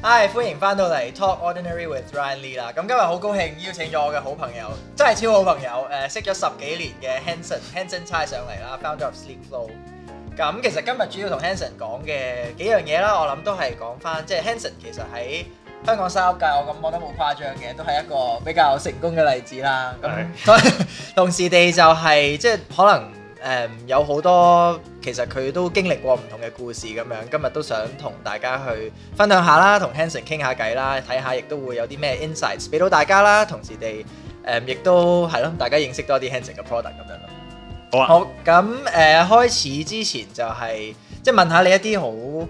唉，Hi, 歡迎翻到嚟 Talk Ordinary with Ryan Li 啦。咁今日好高興邀請咗我嘅好朋友，真係超好朋友。誒，識咗十幾年嘅 Henson，Henson 蔡上嚟啦，Founder of SleekFlow。咁其實今日主要同 Henson 講嘅幾樣嘢啦，我諗都係講翻，即係 Henson 其實喺香港沙屋界，我咁講都冇誇張嘅，都係一個比較成功嘅例子啦。咁 同時地就係即係可能誒有好多。其實佢都經歷過唔同嘅故事咁樣，今日都想同大家去分享下啦，同 Henson 傾下偈啦，睇下亦都會有啲咩 insights 俾到大家啦，同時哋，誒亦都係咯，大家認識多啲 Henson 嘅 product 咁樣咯。好啊，好咁誒、呃、開始之前就係、是、即係問下你一啲好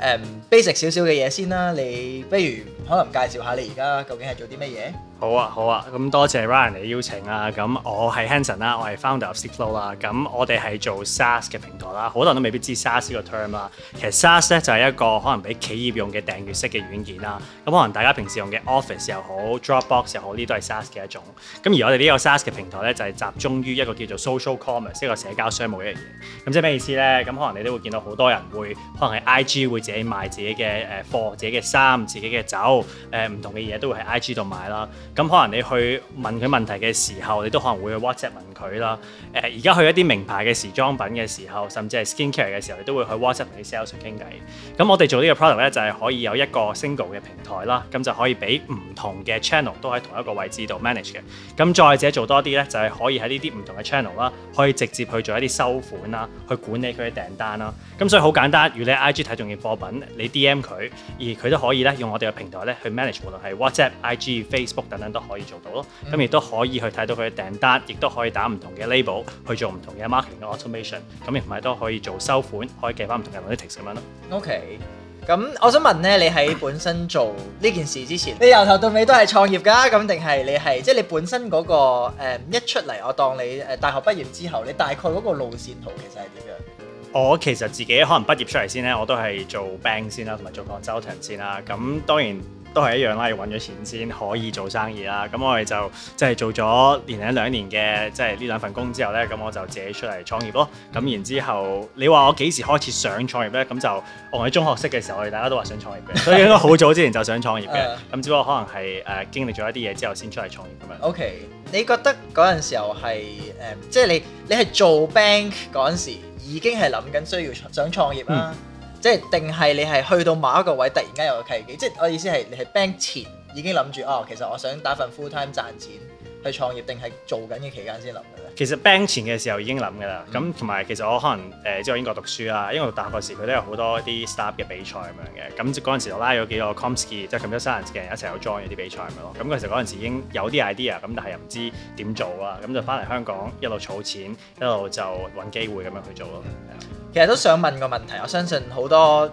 誒 basic 少少嘅嘢先啦，你不如。可能介紹下你而家究竟係做啲乜嘢？好啊，好啊，咁多謝 Ryan 嘅邀請啊！咁我係 Henson 啦，flow，我係 Founder of SleekFlow 啦。咁我哋係做 SaaS 嘅平台啦。好多人都未必知 SaaS 個 term 啦。其實 SaaS 咧就係一個可能俾企業用嘅訂閱式嘅軟件啦。咁可能大家平時用嘅 Office 又好，Dropbox 又好，呢都係 SaaS 嘅一種。咁而我哋呢個 SaaS 嘅平台咧，就係集中於一個叫做 Social Commerce，一個社交商務嘅一樣嘢。咁即係咩意思咧？咁可能你都會見到好多人會，可能係 IG 會自己賣自己嘅誒貨、自己嘅衫、自己嘅酒。誒唔、哦呃、同嘅嘢都會喺 IG 度買啦，咁、嗯、可能你去問佢問題嘅時候，你都可能會去 WhatsApp 問佢啦。誒而家去一啲名牌嘅時裝品嘅時候，甚至係 skincare 嘅時候，你都會去 WhatsApp 同啲 sales 傾偈。咁、嗯、我哋做呢個 product 咧，就係、是、可以有一個 single 嘅平台啦，咁、嗯、就可以俾唔同嘅 channel 都喺同一個位置度 manage 嘅。咁、嗯、再者做多啲咧，就係、是、可以喺呢啲唔同嘅 channel 啦，可以直接去做一啲收款啦，去管理佢嘅訂單啦。咁、嗯、所以好簡單，如果你 IG 睇中件貨品，你 DM 佢，而佢都可以咧用我哋嘅平台。去 manage，無論係 WhatsApp、Wh App, IG、Facebook 等等都可以做到咯。咁亦都可以去睇到佢嘅訂單，亦都可以打唔同嘅 label 去做唔同嘅 marketing 嘅 automation。咁亦唔係都可以做收款、可以計返唔同嘅 analytics 咁樣咯。OK，咁我想問咧，你喺本身做呢件事之前，你由頭到尾都係創業㗎？咁定係你係即係你本身嗰、嗰個、呃、一出嚟，我當你誒大學畢業之後，你大概嗰個路線圖其實係點樣？我其實自己可能畢業出嚟先呢，我都係做 bank 先啦，同埋做廣州長先啦。咁當然都係一樣啦，要揾咗錢先可以做生意啦。咁我哋就即係、就是、做咗年零兩年嘅即係呢兩份工之後呢，咁我就自己出嚟創業咯。咁然之後你話我幾時開始想創業呢？咁就我喺中學識嘅時候，我哋大家都話想創業嘅，所以應該好早之前就想創業嘅。咁 只不過可能係誒、呃、經歷咗一啲嘢之後先出嚟創業咁 Okay, 樣。O K，你覺得嗰陣時候係、嗯、即係你你係做 bank 嗰陣時。已經係諗緊需要想創業啦、啊，嗯、即係定係你係去到某一個位，突然間有個契機，即係我意思係你係 bank 前已經諗住哦，其實我想打份 full time 賺錢。去創業定係做緊嘅期間先諗嘅咧？其實 bank 前嘅時候已經諗㗎啦。咁同埋其實我可能誒即係英國讀書啦。英國讀大學嗰時佢都有好多啲 start up 嘅比賽咁樣嘅。咁嗰陣時就拉咗幾個 comskey 即係 computer science 嘅人一齊有 join 嗰啲比賽咁咯。咁其實嗰陣時已經有啲 idea 咁，但係又唔知點做啊。咁就翻嚟香港一路儲錢，一路就揾機會咁樣去做咯。嗯、其實都想問個問題，我相信好多誒、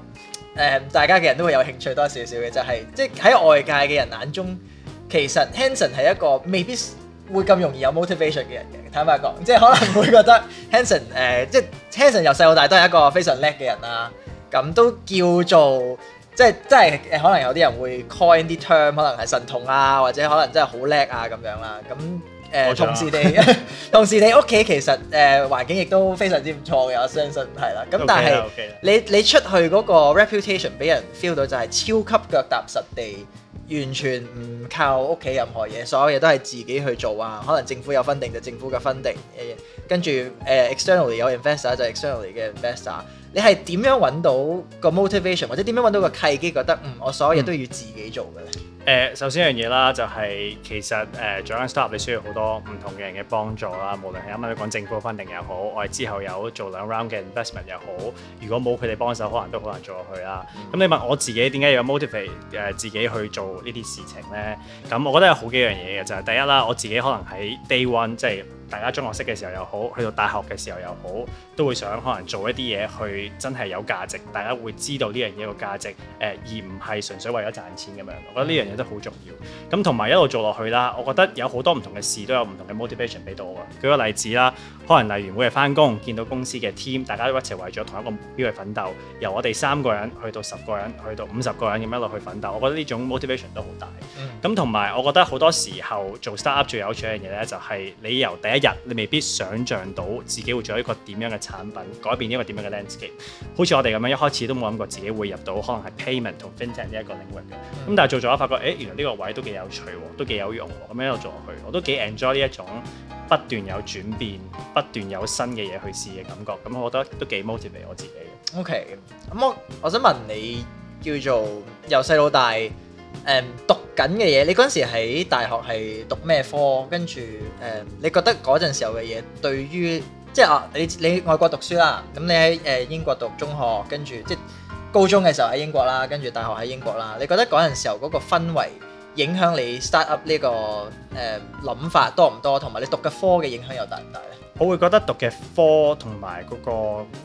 呃、大家嘅人都會有興趣多少少嘅，就係即係喺外界嘅人眼中，其實 Henson 係一個未必會咁容易有 motivation 嘅人嘅，坦白講，即係可能會覺得 Henson 誒、呃，即係 Henson 由細到大都係一個非常叻嘅人啦，咁都叫做即係即係可能有啲人會 coin 啲 term，可能係神童啊，或者可能真係好叻啊咁樣啦，咁。嗯誒同時地，同時你屋企 其實誒、呃、環境亦都非常之唔錯嘅，我相信係啦。咁、嗯、但係、okay okay、你你出去嗰個 reputation 俾人 feel 到就係超級腳踏實地，完全唔靠屋企任何嘢，所有嘢都係自己去做啊！可能政府有 funding，就政府嘅 funding。跟住誒、呃、externally 有 investor 就 externally 嘅 investor。你係點樣揾到個 motivation，或者點樣揾到個契機，覺得嗯我所有嘢都要自己做嘅呢？嗯誒、呃，首先一樣嘢啦，就係其實誒、呃，做緊 startup，你需要好多唔同嘅人嘅幫助啦。無論係啱啱你講政府嘅 funding 又好，我係之後有做兩 round 嘅 investment 又好，如果冇佢哋幫手，可能都好難做落去啦。咁你問我自己點解要 motivate 誒自己去做呢啲事情呢？咁我覺得有好幾樣嘢嘅，就係第一啦，我自己可能喺 day one 即係。大家中學識嘅時候又好，去到大學嘅時候又好，都會想可能做一啲嘢去真係有價值，大家會知道呢樣嘢個價值，誒而唔係純粹為咗賺錢咁樣，我覺得呢樣嘢都好重要。咁同埋一路做落去啦，我覺得有好多唔同嘅事都有唔同嘅 motivation 俾到我。舉個例子啦，可能例如每日返工，見到公司嘅 team，大家都一齊為咗同一個目標去奮鬥，由我哋三個人去到十個人，去到五十個人咁一路去奮鬥，我覺得呢種 motivation 都好大。咁同埋我覺得好多時候做 startup 最有趣一樣嘢咧，就係你由第一日你未必想象到自己會做一個點樣嘅產品，改變呢一個點樣嘅 landscape。好似我哋咁樣，一開始都冇諗過自己會入到可能係 payment 同 fintech 呢一個領域嘅。咁但係做咗發覺，誒、欸，原來呢個位都幾有趣，都幾有用。咁一路做落去，我都幾 enjoy 呢一種不斷有轉變、不斷有新嘅嘢去試嘅感覺。咁我覺得都幾 motivate 我自己。嘅、okay。O K，咁我我想問你，叫做由細到大，誒、um, 讀緊嘅嘢，你嗰陣時喺大學係讀咩科？跟住誒、嗯，你覺得嗰陣時候嘅嘢對於即係啊，你你外國讀書啦，咁你喺誒英國讀中學，跟住即高中嘅時候喺英國啦，跟住大學喺英國啦，你覺得嗰陣時候嗰個氛圍影響你 start up 呢、呢個誒諗、嗯、法多唔多？同埋你讀嘅科嘅影響又大唔大咧？我會覺得讀嘅科同埋嗰個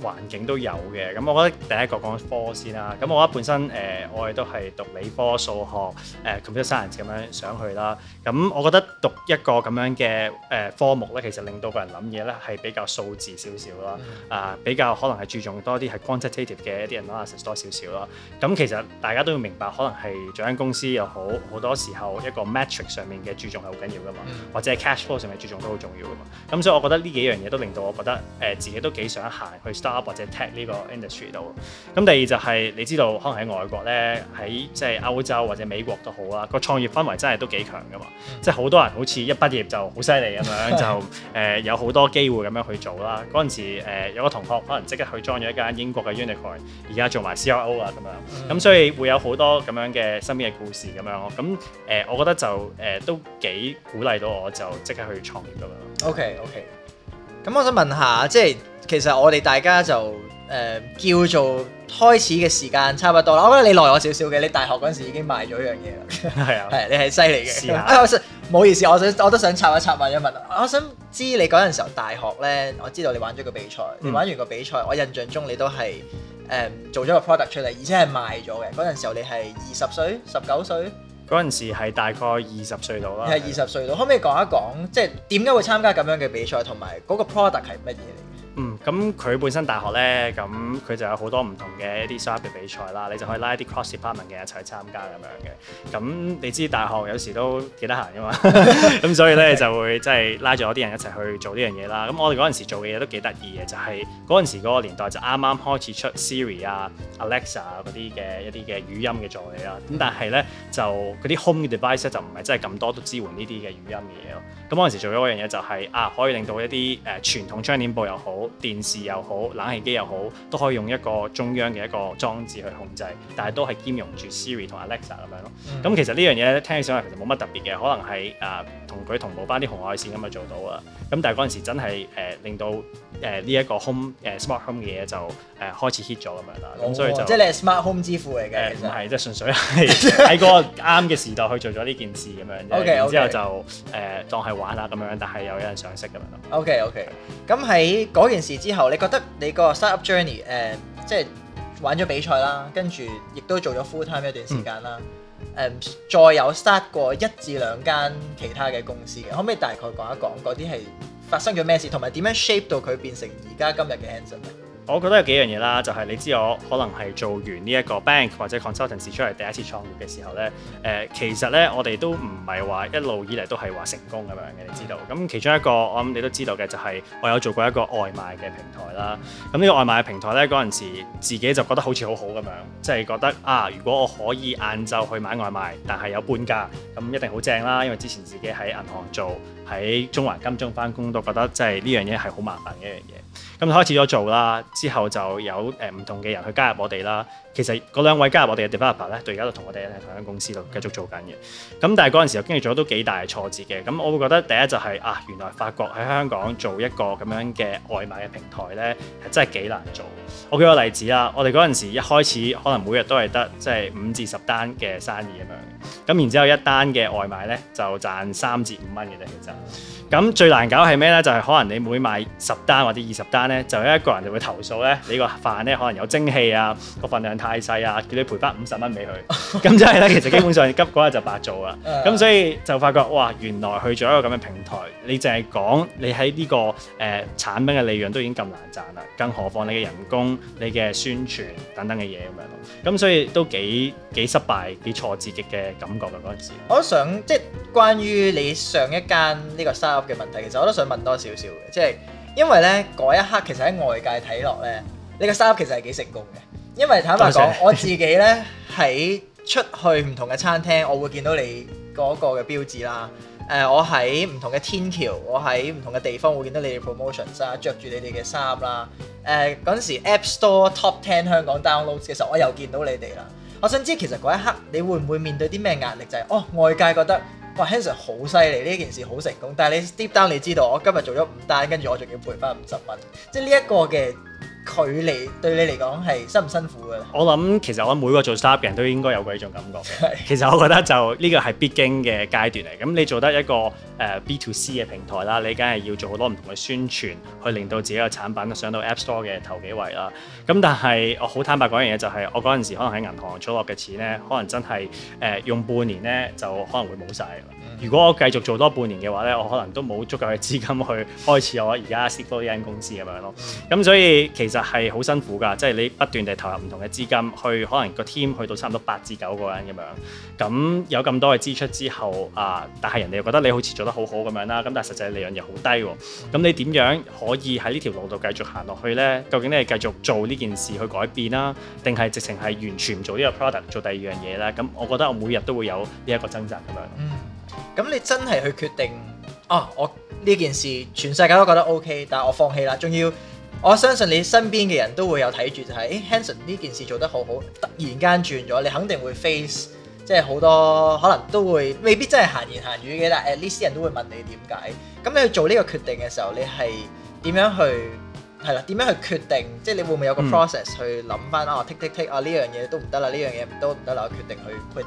環境都有嘅，咁我覺得第一個講科先啦。咁我話本身誒、呃，我係都係讀理科、數學、誒 computer science 咁樣上去啦。咁我覺得讀一個咁樣嘅誒、呃、科目咧，其實令到個人諗嘢咧係比較數字少少咯，嗯、啊比較可能係注重多啲係 quantitative 嘅一啲 analysis 多少少咯。咁其實大家都要明白，可能係做間公司又好，好多時候一個 metric 上面嘅注重係好緊要噶嘛，嗯、或者係 cash flow 上面注重都好重要噶嘛。咁所以我覺得呢幾呢樣嘢都令到我覺得誒、呃、自己都幾想行去 start up 或者 tech 呢個 industry 度。咁第二就係、是、你知道可能喺外國咧，喺即係歐洲或者美國都好啦，個創業氛圍真係都幾強噶嘛。嗯、即係好多人好似一畢業就好犀利咁樣，是的 就誒、呃、有好多機會咁樣去做啦。嗰陣時、呃、有個同學可能即刻去 join 咗一間英國嘅 unicorn，而家做埋 CIO 啊咁樣。咁、嗯、所以會有好多咁樣嘅身邊嘅故事咁樣咯。咁誒、呃、我覺得就誒、呃、都幾鼓勵到我，就即刻去創業咁樣。OK OK。咁我想問下，即係其實我哋大家就誒、呃、叫做開始嘅時間差唔多啦。我覺得你耐我少少嘅，你大學嗰陣時已經賣咗一樣嘢啦，係啊的，係 你係犀利嘅。唔好、哎、意思，我想我都想插一插問一問。我想知你嗰陣時候大學咧，我知道你玩咗個比賽，嗯、你玩完個比賽，我印象中你都係誒、呃、做咗個 product 出嚟，而且係賣咗嘅。嗰陣時候你係二十歲、十九歲？嗰陣時係大概二十歲度啦，係二十歲度。可唔可以講一講，即係點解會參加咁樣嘅比賽同埋個 product 係乜嘢嚟嘅？嗯，咁佢本身大學咧，咁佢就有好多唔同嘅一啲 shop 嘅比賽啦，你就可以拉啲 cross department 嘅一齊去參加咁樣嘅。咁你知大學有時都幾得閒噶嘛，咁 所以咧 Okay. 就會即係拉咗啲人一齊去做呢樣嘢啦。咁我哋嗰陣時做嘅嘢都幾得意嘅，就係嗰陣時嗰個年代就啱啱開始出 Siri 啊、Alexa 嗰啲嘅一啲嘅語音嘅助理啦。咁、mm hmm. 但係咧就嗰啲 home device 就唔係真係咁多都支援呢啲嘅語音嘅嘢咯。咁嗰陣時做咗一樣嘢就係、是、啊，可以令到一啲誒、呃、傳統窗簾布又好、電視又好、冷氣機又好，都可以用一個中央嘅一個裝置去控制，但係都係兼容住 Siri 同 Alexa 咁樣咯。咁、嗯、其實呢樣嘢咧，聽起上嚟其實冇乜特別嘅，可能係啊。呃同佢同步翻啲紅外線咁就做到啊。咁但係嗰陣時真係誒令到誒呢一個 home 誒 smart home 嘅嘢就誒開始 hit 咗咁樣啦，哦、所以就即係你係 smart home 之父嚟嘅，唔係即係純粹係喺個啱嘅時代去做咗呢件事咁樣 OK，之後就誒 okay. 當係玩啦咁樣，但係又有人想識咁樣咯。OK OK，咁喺嗰件事之後，你覺得你個 startup journey 誒即係玩咗比賽啦，跟住亦都做咗 full time 一段時間啦。嗯 Um, 再有 start 過一至兩間其他嘅公司嘅，可唔可以大概講一講嗰啲係發生咗咩事，同埋點樣 shape 到佢變成而家今日嘅 Henson 呢？我覺得有幾樣嘢啦，就係你知我可能係做完呢一個 bank 或者 consultancy 出嚟，第一次創業嘅時候呢，誒、呃、其實呢，我哋都唔係話一路以嚟都係話成功咁樣嘅，你知道。咁其中一個我諗你都知道嘅就係我有做過一個外賣嘅平台啦。咁呢個外賣嘅平台呢，嗰陣時，自己就覺得好似好好咁樣，即係覺得啊，如果我可以晏晝去買外賣，但係有半價，咁一定好正啦。因為之前自己喺銀行做，喺中環金鐘翻工都覺得即係呢樣嘢係好麻煩嘅一樣嘢。咁開始咗做啦，之後就有誒唔同嘅人去加入我哋啦。其實嗰兩位加入我哋嘅 developer 咧，到而家都同我哋喺同一間公司度繼續做緊嘅。咁但係嗰陣時又經歷咗都幾大嘅挫折嘅。咁我會覺得第一就係、是、啊，原來發覺喺香港做一個咁樣嘅外賣嘅平台咧，係真係幾難做。我舉個例子啦，我哋嗰陣時一開始可能每日都係得即係五至十單嘅生意咁樣。咁然之後一單嘅外賣咧就賺三至五蚊嘅啫，其實。咁最難搞係咩咧？就係、是、可能你每賣十單或者二十單，咧就有一個人就會投訴咧，你個飯咧可能有蒸汽啊，個 份量太細啊，叫你賠翻五十蚊俾佢。咁就係咧，其實基本上急嗰日就白做啦。咁、嗯、所以就發覺哇，原來去咗一個咁嘅平台，你淨係講你喺呢、這個誒、呃、產品嘅利潤都已經咁難賺啦，更何況你嘅人工、你嘅宣傳等等嘅嘢咁樣。咁所以都幾幾失敗、幾挫折極嘅感覺嘅嗰陣時。我都想即係、就是、關於你上一間呢個 startup 嘅問題，其實我都想問多少少嘅，即係。因為咧嗰一刻其實喺外界睇落咧，你嘅衫其實係幾成功嘅。因為坦白講，謝謝我自己咧喺出去唔同嘅餐廳，我會見到你嗰個嘅標誌啦。誒、呃，我喺唔同嘅天橋，我喺唔同嘅地方會見到你哋 promotions 啦，着住你哋嘅衫啦。誒嗰陣時 App Store Top Ten 香港 downloads 嘅時候，我又見到你哋啦。我想知其實嗰一刻你會唔會面對啲咩壓力？就係、是、哦，外界覺得。哇，Henson 好犀利，呢件事好成功。但係你 deep down 你知道，我今日做咗五單，跟住我仲要賠翻五十蚊。即係呢一個嘅。距離對你嚟講係辛唔辛苦㗎？我諗其實我每個做 startup 嘅人都應該有過呢種感覺嘅。 其實我覺得就呢個係必經嘅階段嚟。咁你做得一個誒、呃、B to C 嘅平台啦，你梗係要做好多唔同嘅宣傳，去令到自己嘅產品上到 App Store 嘅頭幾位啦。咁但係我好坦白講一樣嘢，就係我嗰陣時可能喺銀行儲落嘅錢呢，可能真係誒、呃、用半年呢就可能會冇晒。如果我繼續做多半年嘅話咧，我可能都冇足夠嘅資金去開始我而家 set up 呢間公司咁樣咯。咁所以其實係好辛苦㗎，即係你不斷地投入唔同嘅資金，去可能個 team 去到差唔多八至九個人咁樣。咁有咁多嘅支出之後啊、呃，但係人哋又覺得你好似做得好好咁樣啦。咁但係實際利潤又好低喎。咁你點樣可以喺呢條路度繼續行落去呢？究竟你係繼續做呢件事去改變啦、啊，定係直情係完全唔做呢個 product 做第二樣嘢咧？咁我覺得我每日都會有呢一個掙扎咁樣。Mm. 咁你真係去決定啊！我呢件事全世界都覺得 OK，但我放棄啦。仲要我相信你身邊嘅人都會有睇住、就係，就、哎、係 Hanson 呢件事做得好好，突然間轉咗，你肯定會 face 即係好多可能都會未必真係閒言閒語嘅，但係 at least 人都會問你點解。咁你去做呢個決定嘅時候，你係點樣去係啦？點樣去決定？即係你會唔會有個 process、嗯、去諗翻啊？剔剔剔啊呢樣嘢都唔得啦，呢樣嘢都唔得啦，我決定去，去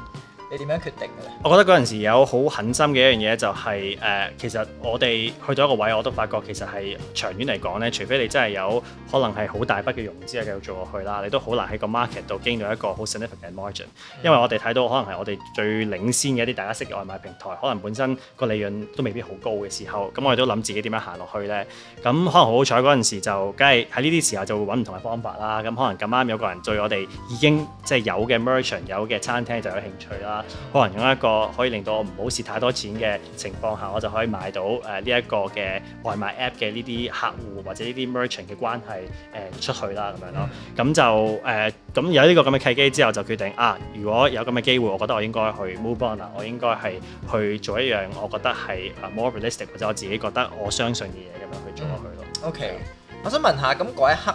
你點樣決定嘅咧？我覺得嗰陣時有好狠心嘅一樣嘢、就是，就係誒，其實我哋去到一個位，我都發覺其實係長遠嚟講咧，除非你真係有可能係好大筆嘅融資繼續做落去啦，你都好難喺個 market 度經歷到一個好 significant margin，因為我哋睇到可能係我哋最領先嘅一啲大家識嘅外賣平台，可能本身個利潤都未必好高嘅時候，咁我哋都諗自己點樣行落去咧。咁可能好彩嗰陣時就梗係喺呢啲時候就揾唔同嘅方法啦。咁可能咁啱有個人對我哋已經即係、就是、有嘅 merchant 有嘅餐廳就有興趣啦。可能用一個可以令到我唔好蝕太多錢嘅情況下，我就可以買到誒呢一個嘅外賣 App 嘅呢啲客戶或者呢啲 merchant 嘅關係誒出去啦咁樣咯。咁就誒咁有呢個咁嘅契機之後，就決定啊，如果有咁嘅機會，我覺得我應該去 move on 啦。我應該係去做一樣我覺得係 more realistic 或者我自己覺得我相信嘅嘢咁樣去做落去咯。OK，我想問下咁嗰一刻誒，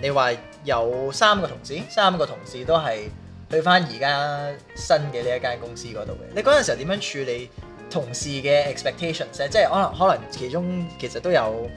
你話有三個同事，三個同事都係。去返而家新嘅呢一間公司嗰度嘅，你嗰陣時候點樣處理同事嘅 expectations 即係可能可能其中其實都有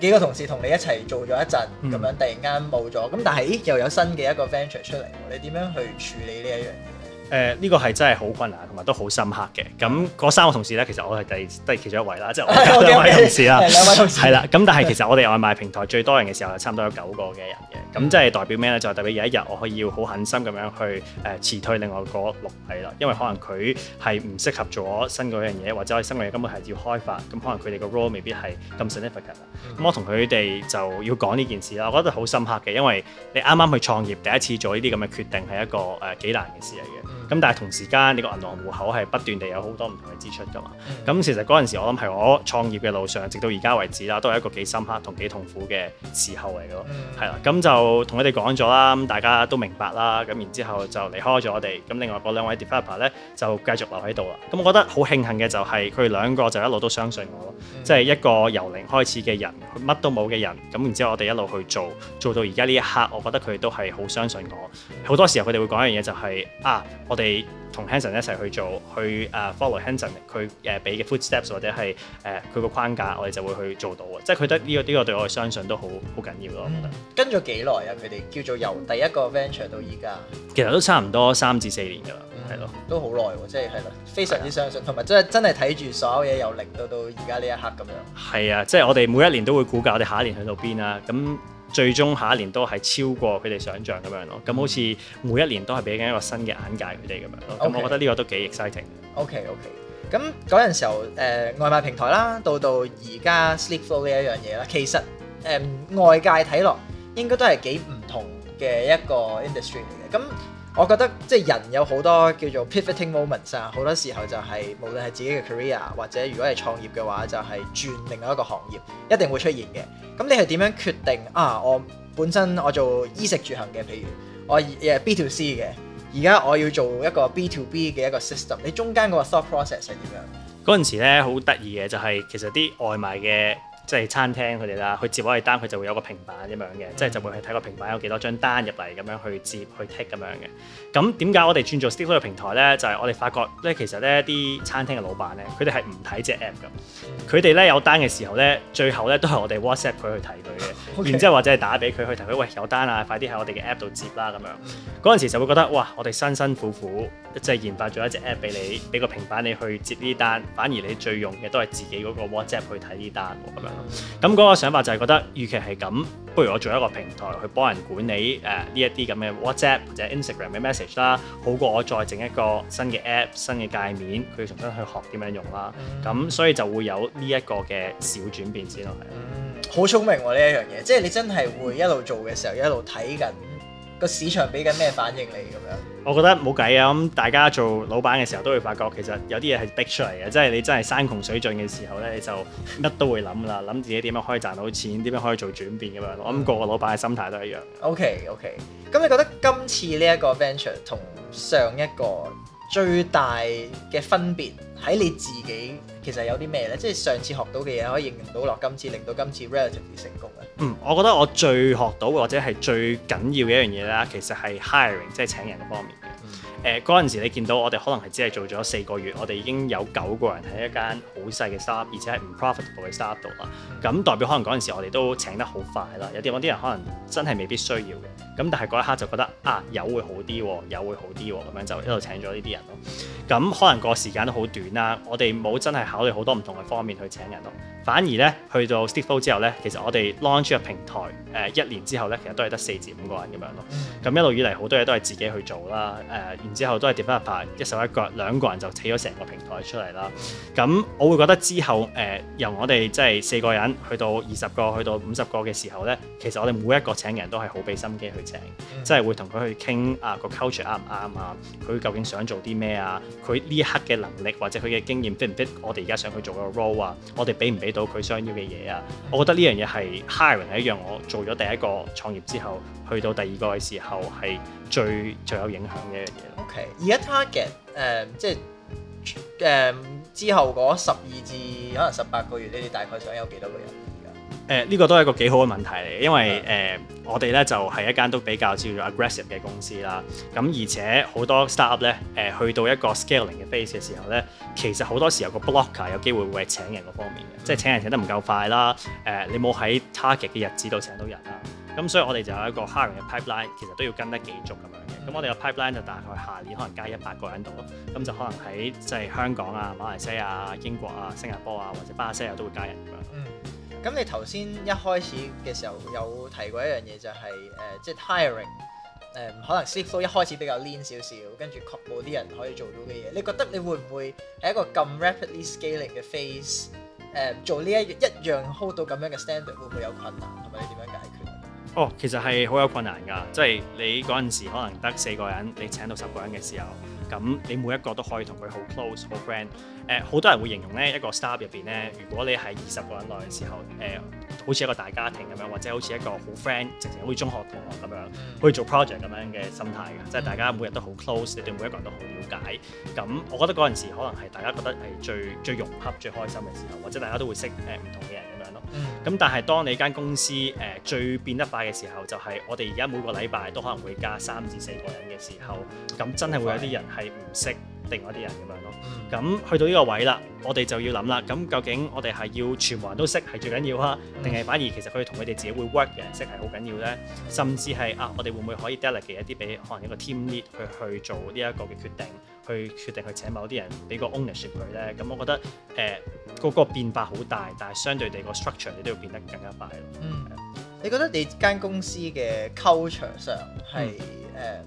幾個同事同你一齊做咗一陣，咁樣突然間冇咗，咁但係又有新嘅一個 venture 出嚟，你點樣去處理呢一樣？誒呢、呃呢個係真係好困難，同埋都好深刻嘅。咁嗰三個同事呢，其實我係第第其中一位啦，即係我兩位同事啦，兩位同事係啦。咁但係其實我哋外賣平台最多人嘅時候，差唔多有九個嘅人嘅。咁即係代表咩呢？就係、代表有一日我可以要好狠心咁樣去誒辭、呃、退另外嗰六位啦，因為可能佢係唔適合做新嗰樣嘢，或者我新嗰樣嘢根本係要開發，咁可能佢哋個 role 未必係咁 significant 啦、嗯。咁我同佢哋就要講呢件事啦。我覺得好深刻嘅，因為你啱啱去創業，第一次做呢啲咁嘅決定係一個誒幾難嘅事嚟嘅。咁但係同時間，你個銀行戶口係不斷地有好多唔同嘅支出㗎嘛。咁其實嗰陣時，我諗係我創業嘅路上，直到而家為止啦，都係一個幾深刻同幾痛苦嘅時候嚟嘅咯。係啦，咁就同佢哋講咗啦，咁大家都明白啦。咁然之後就離開咗我哋。咁另外嗰兩位 developer 咧，就繼續留喺度啦。咁我覺得好慶幸嘅就係佢哋兩個就一路都相信我咯。即係一個由零開始嘅人，乜都冇嘅人。咁然之後我哋一路去做，做到而家呢一刻，我覺得佢哋都係好相信我。好多時候佢哋會講一樣嘢就係啊，我。我哋同 Hanson 一齊去做，去誒 follow Hanson，佢誒俾嘅 footsteps 或者係誒佢個框架，我哋就會去做到嘅。即係佢得呢個呢、呢個對我哋相信都好好緊要咯。我覺得跟咗幾耐啊？佢哋叫做由第一個 venture 到而家，其實都差唔多三至四年㗎啦，係咯、嗯，了都好耐喎。即係係咯，非常之相信，同埋的真真係睇住所有嘢由零到到而家呢一刻咁樣。係啊，即係我哋每一年都會估計我哋下一年去到邊啊。咁。最終下一年都係超過佢哋想象咁樣咯，咁好似每一年都係俾緊一個新嘅眼界佢哋咁樣咯，咁 Okay. 我覺得呢個都幾 exciting。OK OK，咁嗰陣時候誒、呃、外賣平台啦，到到而家 SleekFlow 嘅一樣嘢啦，其實誒、呃、外界睇落應該都係幾唔同嘅一個 industry 嚟嘅，咁。我覺得即係人有好多叫做 pivoting moments 啊，好多時候就係無論係自己嘅 career 或者如果係創業嘅話，就係轉另外一個行業，一定會出現嘅。咁你係點樣決定啊？我本身我做衣食住行嘅，譬如我誒 B to C 嘅，而家我要做一個 B to B 嘅一個 system，你中間嗰個 thought process 係點樣？嗰陣時咧好得意嘅就係其實啲外賣嘅。即係餐廳佢哋啦，去接我哋單，佢就會有一個平板咁樣嘅，mm hmm. 即係就會去睇個平板有幾多張單入嚟咁樣去接去 take 咁樣嘅。咁點解我哋轉做 s table 嘅平台呢？就係、是、我哋發覺呢，其實呢啲餐廳嘅老闆呢，佢哋係唔睇隻 app 嘅。佢哋呢有單嘅時候呢，最後呢都係我哋 WhatsApp 佢去睇佢嘅，Okay. 然之後或者係打俾佢去睇佢。喂，有單啊，快啲喺我哋嘅 app 度接啦咁樣。嗰陣時就會覺得哇，我哋辛辛苦苦即係、就是、研發咗一隻 app 俾你，俾個平板你去接呢單，反而你最用嘅都係自己嗰個 WhatsApp 去睇呢單喎咁樣。咁嗰個想法就係覺得與其係咁，不如我做一個平台去幫人管理誒呢、呃、一啲咁嘅 WhatsApp 或者 Instagram 嘅 message 啦，好過我再整一個新嘅 app、新嘅界面，佢重新去學點樣用啦。咁所以就會有呢、啊、一個嘅小轉變先咯，係。好聰明呢一樣嘢，即係你真係會一路做嘅時候一路睇緊個市場俾緊咩反應你咁樣？我覺得冇計啊！咁大家做老闆嘅時候都會發覺，其實有啲嘢係逼出嚟嘅，即係你真係山窮水盡嘅時候呢，你就乜都會諗啦，諗自己點樣可以賺到錢，點樣可以做轉變咁樣。咁我諗個、嗯、個老闆嘅心態都一樣。OK OK，咁你覺得今次呢一個 venture 同上一個最大嘅分別？喺你自己其實有啲咩呢？即係上次學到嘅嘢可以應用到落今次，令到今次 relatively 成功啊！嗯，我覺得我最學到或者係最緊要嘅一樣嘢啦，其實係 hiring，即係請人嘅方面。誒嗰、呃、時，你見到我哋可能係只係做咗四個月，我哋已經有九個人喺一間好細嘅 startup，而且係唔 profitable 嘅 startup 度啦。咁代表可能嗰陣時我哋都請得好快啦。有啲地方啲人可能真係未必需要嘅。咁但係嗰一刻就覺得，啊有會好啲，有會好啲咁、哦哦、樣就一路請咗呢啲人咯。咁可能個時間都好短啦。我哋冇真係考慮好多唔同嘅方面去請人咯。反而咧去到 SleekFlow 之後咧，其實我哋 launch 個平台誒、呃、一年之後咧，其實都係得四至五個人咁樣咯。咁、嗯、一路以嚟，好多嘢都係自己去做啦，誒、呃、然之後都係 developer 一手一腳兩個人就砌咗成個平台出嚟啦。咁、嗯、我會覺得之後誒、呃、由我哋即係四個人去到二十個去到五十個嘅時候咧，其實我哋每一個請嘅人都係好俾心機去請，嗯、即係會同佢去傾啊個 culture 啱唔啱啊，佢、啊、究竟想做啲咩啊，佢呢一刻嘅能力或者佢嘅經驗 fit 唔 fit 我哋而家想去做個 role 啊，我哋俾唔俾？到佢想要嘅嘢啊，我覺得呢樣嘢係 hiring 係一樣我做咗第一個創業之後去到第二個嘅時候係最最有影響嘅一樣嘢。OK，而家 target 誒、呃、即係誒、呃、之後十二至可能十八個月，你哋大概想有幾多個人？誒呢、呃這個都係一個幾好嘅問題嚟，因為誒、嗯呃、我哋咧就係、是、一間都比較叫做 aggressive 嘅公司啦。咁、呃、而且好多 startup 咧誒、呃、去到一個 scaling 嘅 phase 嘅時候咧，其實好多時候個 blocker 有機會會係請人嗰方面嘅，即係請人請得唔夠快啦。誒、呃、你冇喺 target 嘅日子度請到人啦。咁、呃、所以我哋就有一個 hiring 嘅 pipeline，其實都要跟得幾足咁樣嘅。咁、嗯、我哋嘅 pipeline 就大概下年可能加一百個人度囉，咁、嗯、就可能喺即係香港啊、馬來西亞、英國啊、新加坡啊或者巴西啊都會加人咁樣、嗯。咁你頭先一開始嘅時候有提過一樣嘢就係、是、誒、呃、即係 hiring 誒、呃、可能 staff 都一開始比較 lean 少少，跟住確保啲人可以做到嘅嘢。你覺得你會唔會喺一個咁 rapidly scaling 嘅 phase 誒做呢一一樣 hold 到咁樣嘅 standard 會唔會有困難？同埋你點樣解決？哦，其實係好有困難㗎，即、就、係、是、你嗰陣時可能得四個人，你請到十個人嘅時候。咁你每一個都可以同佢好 close 好 friend，誒好多人會形容咧，一個 startup 入邊咧，如果你係二十個人內嘅時候，誒、呃、好似一個大家庭咁樣，或者好似一個好 friend，直情好似中學同學咁樣去做 project 咁樣嘅心態嘅，即係大家每日都好 close，你對每一個人都好了解，咁我覺得嗰陣時可能係大家覺得係最最融洽、最開心嘅時候，或者大家都會識誒唔同嘅人。咁、嗯、但係當你間公司誒、呃、最變得快嘅時候，就係我哋而家每個禮拜都可能會加三至四個人嘅時候，咁真係會有啲人係唔識。定一啲人咁樣咯，咁去到呢個位啦，我哋就要諗啦。咁究竟我哋係要全部人都識係最緊要啊，定係反而其實佢同佢哋自己會 work 嘅人識係好緊要咧？甚至係啊，我哋會唔會可以 delegate 一啲俾可能一個 team lead 去去做呢一個嘅決定，去決定去請某啲人俾個 ownership 佢咧？咁我覺得誒，個、呃那個變化好大，但係相對地個 structure 你都要變得更加快咯。嗯，你覺得你間公司嘅 culture 上係誒，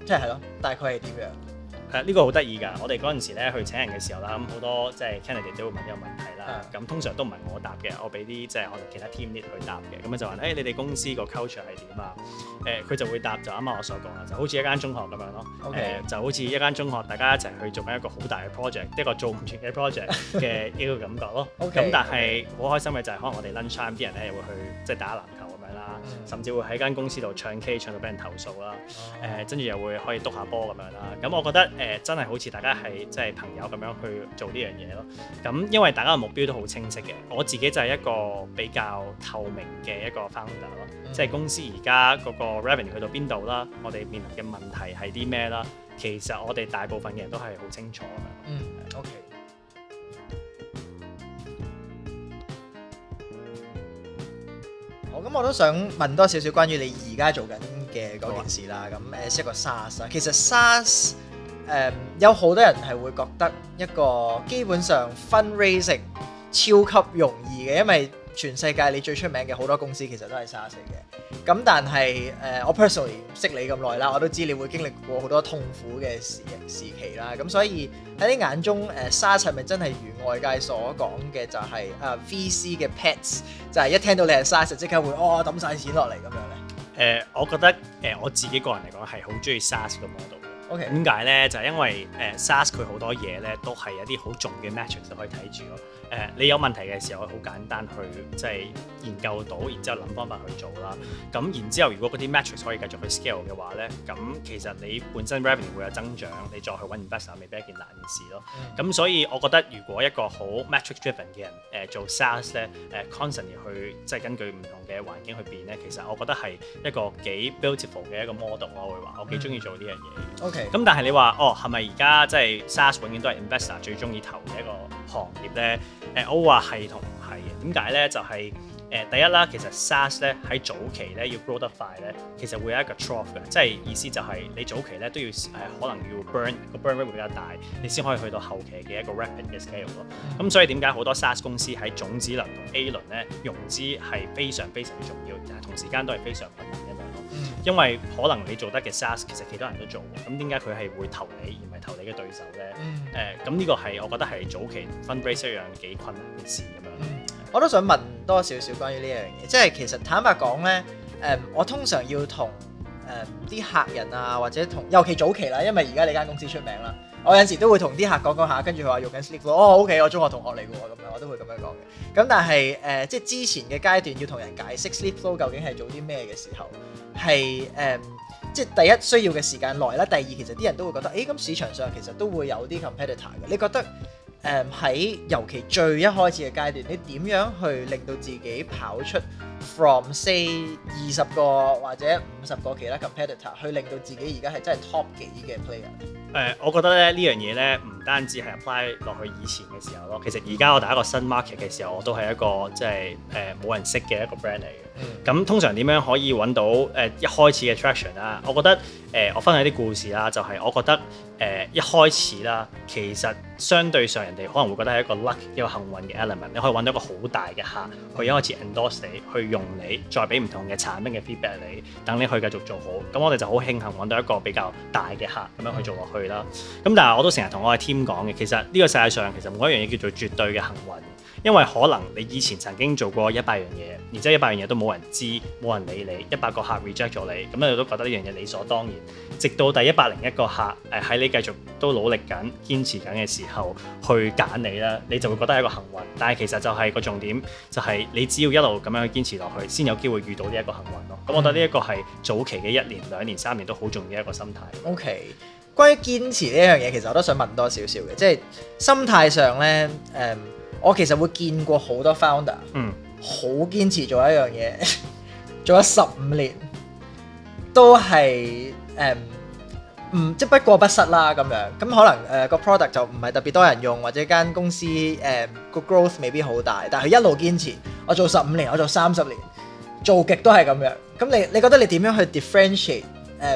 即係係咯，大概係點樣？呢個好得意㗎，我哋嗰陣時咧去請人嘅時候啦，咁好多即係 candidate 都會問一個問題啦，咁是的 通常都唔係我答嘅，我俾啲即係可能其他 teammate 去答嘅，咁樣是的 就話誒、哎、你哋公司個 culture 係點啊？誒佢、嗯呃、就會答就啱啱我所講啦，就好似一間中學咁樣咯，誒 Okay.、呃、就好似一間中學大家一齊去做緊一個好大嘅 project，一個做唔完嘅 project 嘅呢個感覺咯。咁 Okay, 但係好開心嘅就係可能我哋 lunchtime 啲人咧又會去即係打籃球。啦，甚至會喺間公司度唱 K 唱到俾人投訴啦。誒、哦，跟住、呃、又會可以督下波咁樣啦。咁我覺得誒、呃，真係好似大家係即係朋友咁樣去做呢樣嘢咯。咁因為大家嘅目標都好清晰嘅，我自己就係一個比較透明嘅一個 founder 咯、嗯，即係公司而家嗰個 revenue 去到邊度啦，我哋面臨嘅問題係啲咩啦？其實我哋大部分嘅人都係好清楚嘅。嗯，OK。嗯、我都想問多少少關於你而家做緊嘅嗰件事啦。咁誒吧，識一個 SaaS 啊，其實 SaaS、呃、有好多人係會覺得一個基本上 fundraising 超級容易嘅，因為。全世界你最出名嘅好多公司其實都係 SaaS 嘅，咁但係誒、呃、我 personally 識你咁耐啦，我都知你會經歷過好多痛苦嘅時時期啦，咁所以喺你眼中誒、呃、SaaS 係咪真係如外界所講嘅就係、是、啊、呃、VC 嘅 pets，就係一聽到你係 SaaS 即刻會哦，抌晒錢落嚟咁樣咧？誒、呃，我覺得誒、呃、我自己個人嚟講係好中意 SaaS 嘅 model。OK，點解咧？就係、是、因為誒 SaaS 佢好多嘢咧都係有啲好重嘅 metrics 可以睇住咯。誒，你有問題嘅時候，好簡單去即係研究到，然之後諗方法去做啦。咁然之後，如果嗰啲 metrics 可以繼續去 scale 嘅話咧，咁其實你本身 revenue 會有增長，你再去揾 investor 未必一件難事咯。咁、嗯、所以我覺得，如果一個好 metrics driven 嘅人誒、呃、做 SaaS 咧，誒 constantly 去即係根據唔同嘅環境去變咧，其實我覺得係一個幾 beautiful 嘅一個 model。我會話我幾中意做呢樣嘢。OK。咁但係你話，哦係咪而家即係 SaaS 永遠都係 investor 最中意投嘅一個行業咧？誒我話係同唔係嘅？點解咧？就係、是、誒第一啦，其實 SaaS 咧喺早期咧要 grow 得快咧，其實會有一個 trough 嘅，即係意思就係你早期咧都要誒可能要 burn 個 burn rate 會比較大，你先可以去到後期嘅一個 rapid 嘅 scale 咯。咁所以點解好多 SaaS 公司喺種子輪同 A 輪咧融資係非常非常之重要，但係同時間都係非常困難嘅。因為可能你做得嘅 SaaS 其實其他人都做，咁點解佢係會投你而唔係投你嘅對手咧？誒、嗯，咁呢、呃這個係我覺得係早期 fundraise 一樣幾困難嘅事咁樣、嗯。我都想問多少少關於呢一樣嘢，即係其實坦白講呢，誒、呃，我通常要同誒啲客人啊，或者同尤其早期啦，因為而家你間公司出名啦。我有時都會同啲客講講下，跟住佢話用緊 SleekFlow，哦，O.K. 我中學同學嚟㗎喎，咁樣我都會咁樣講嘅。咁但係誒、呃，即係之前嘅階段要同人解釋 SleekFlow 究竟係做啲咩嘅時候，係誒、呃，即係第一需要嘅時間耐啦。第二其實啲人都會覺得，誒、欸、咁市場上其實都會有啲 competitor 嘅。你覺得？誒，喺尤其最一開始嘅階段，你點樣去令到自己跑出 from say 二十個或者五十個其他 competitor，去令到自己而家係真係 top 幾嘅 player？誒、嗯，我覺得咧呢樣嘢咧，唔單止係 apply 落去以前嘅時候咯，其實而家我打一個新 market 嘅時候，我都係一個即係誒冇人識嘅一個 brand 嚟。咁、嗯、通常點樣可以揾到誒一開始嘅 traction 啦？我覺得誒、呃，我分享啲故事啦，就係、是、我覺得誒、呃、一開始啦，其實相對上人哋可能會覺得係一個 luck 一個幸運嘅 element，你可以揾到一個好大嘅客佢一開始 endorse 你，你，去用你，再俾唔同嘅產品嘅 feedback 你，等你去繼續做好。咁我哋就好慶幸揾到一個比較大嘅客咁樣去做落去啦。咁、嗯、但係我都成日同我嘅 team 講嘅，其實呢個世界上其實冇一樣嘢叫做絕對嘅幸運。因為可能你以前曾經做過一百樣嘢，然之後一百樣嘢都冇人知，冇人理你，一百個客 reject 咗你，咁你都覺得呢樣嘢理所當然。直到第一百零一個客，誒喺你繼續都努力緊、堅持緊嘅時候去揀你啦，你就會覺得係一個幸運。但係其實就係個重點，就係、是、你只要一路咁樣去堅持落去，先有機會遇到呢一個幸運咯。咁我覺得呢一個係早期嘅一年、兩年、三年都好重要嘅一個心態。O.K.，關於堅持呢樣嘢，其實我都想問多少少嘅，即係心態上呢。誒、嗯。我其實會見過好多 founder，嗯，好堅持做一樣嘢，做咗十五年，都係誒，嗯、um,，即係、就是、不過不失啦咁樣。咁可能誒個、uh, product 就唔係特別多人用，或者間公司誒個、um, growth 未必好大，但係一路堅持，我做十五年，我做三十年，做極都係咁樣。咁你你覺得你點樣去 differentiate？誒、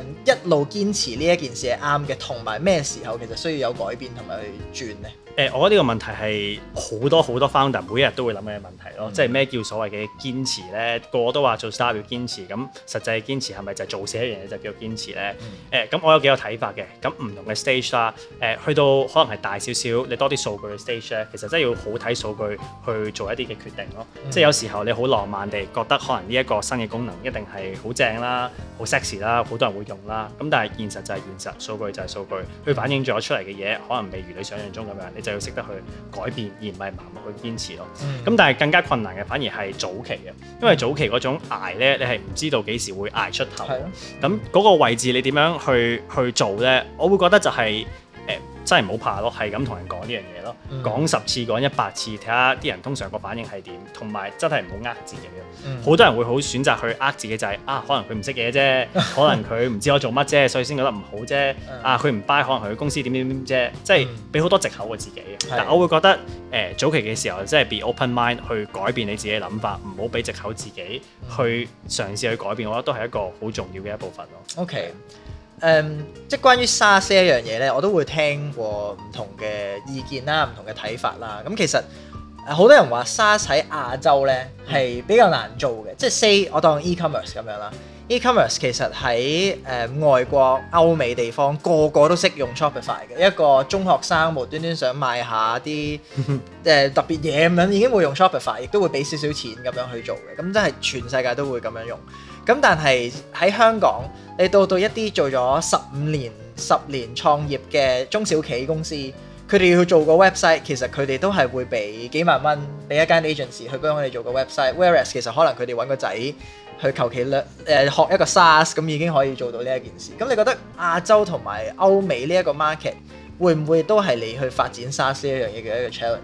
um, 一路堅持呢一件事係啱嘅，同埋咩時候其實需要有改變同埋去轉呢？誒，我覺得呢個問題係好多好多 founder 每一日都會諗嘅問題咯，嗯、即係咩叫所謂嘅堅持咧？個個都話做 startup 要堅持，咁實際堅持係咪就係做死一樣嘢就叫做堅持咧？誒、嗯，咁、欸、我有幾個睇法嘅，咁唔同嘅 stage 啦，誒、欸，去到可能係大少少，你多啲數據嘅 stage 咧，其實真係要好睇數據去做一啲嘅決定咯。嗯、即係有時候你好浪漫地覺得可能呢一個新嘅功能一定係好正啦、好 sexy 啦、好多人會用啦，咁但係現實就係現實，數據就係數據，佢反映咗出嚟嘅嘢可能未如你想像中咁樣。就要識得去改變，而唔係盲目去堅持咯。咁、嗯、但係更加困難嘅，反而係早期嘅，因為早期嗰種捱咧，你係唔知道幾時會捱出頭。咁嗰、啊、個位置你點樣去去做咧？我會覺得就係、是。真係唔好怕咯，係咁同人講呢樣嘢咯，講、嗯、十次講一百次，睇下啲人通常個反應係點。同埋真係唔好呃自己咯，好、嗯、多人會好選擇去呃自己就係、是、啊，可能佢唔識嘢啫，可能佢唔知我做乜啫，所以先覺得唔好啫。啊，佢唔 buy 可能佢公司點點點啫，即係俾好多藉口我自己。嗯、但我會覺得誒、呃、早期嘅時候即係 be open mind 去改變你自己嘅諗法，唔好俾藉口自己、嗯、去嘗試去改變，我覺得都係一個好重要嘅一部分咯。OK。誒，um，即係關於 SaaS 一樣嘢咧，我都會聽過唔同嘅意見啦，唔同嘅睇法啦。咁、嗯、其實好多人話 SaaS 喺亞洲咧係比較難做嘅，即係 say，我當 e-commerce 咁樣啦。Mm hmm. e-commerce 其實喺誒、嗯、外國歐美地方個個都識用 Shopify 嘅，一個中學生無端端想賣下啲誒、 呃、特別嘢咁樣，已經用 Shopify，會用 Shopify，亦都會俾少少錢咁樣去做嘅。咁、嗯、真係全世界都會咁樣用。咁但係喺香港，你到到一啲做咗十五年、十年創業嘅中小企業公司，佢哋要做個 website，其實佢哋都係會俾幾萬蚊俾一間 agency 去幫佢哋做個 website。Whereas 其實可能佢哋揾個仔去求其略誒學一個 SaaS，咁已經可以做到呢一件事。咁你覺得亞洲同埋歐美呢一個 market 會唔會都係你去發展 SaaS 呢樣嘢嘅一個 challenge？誒。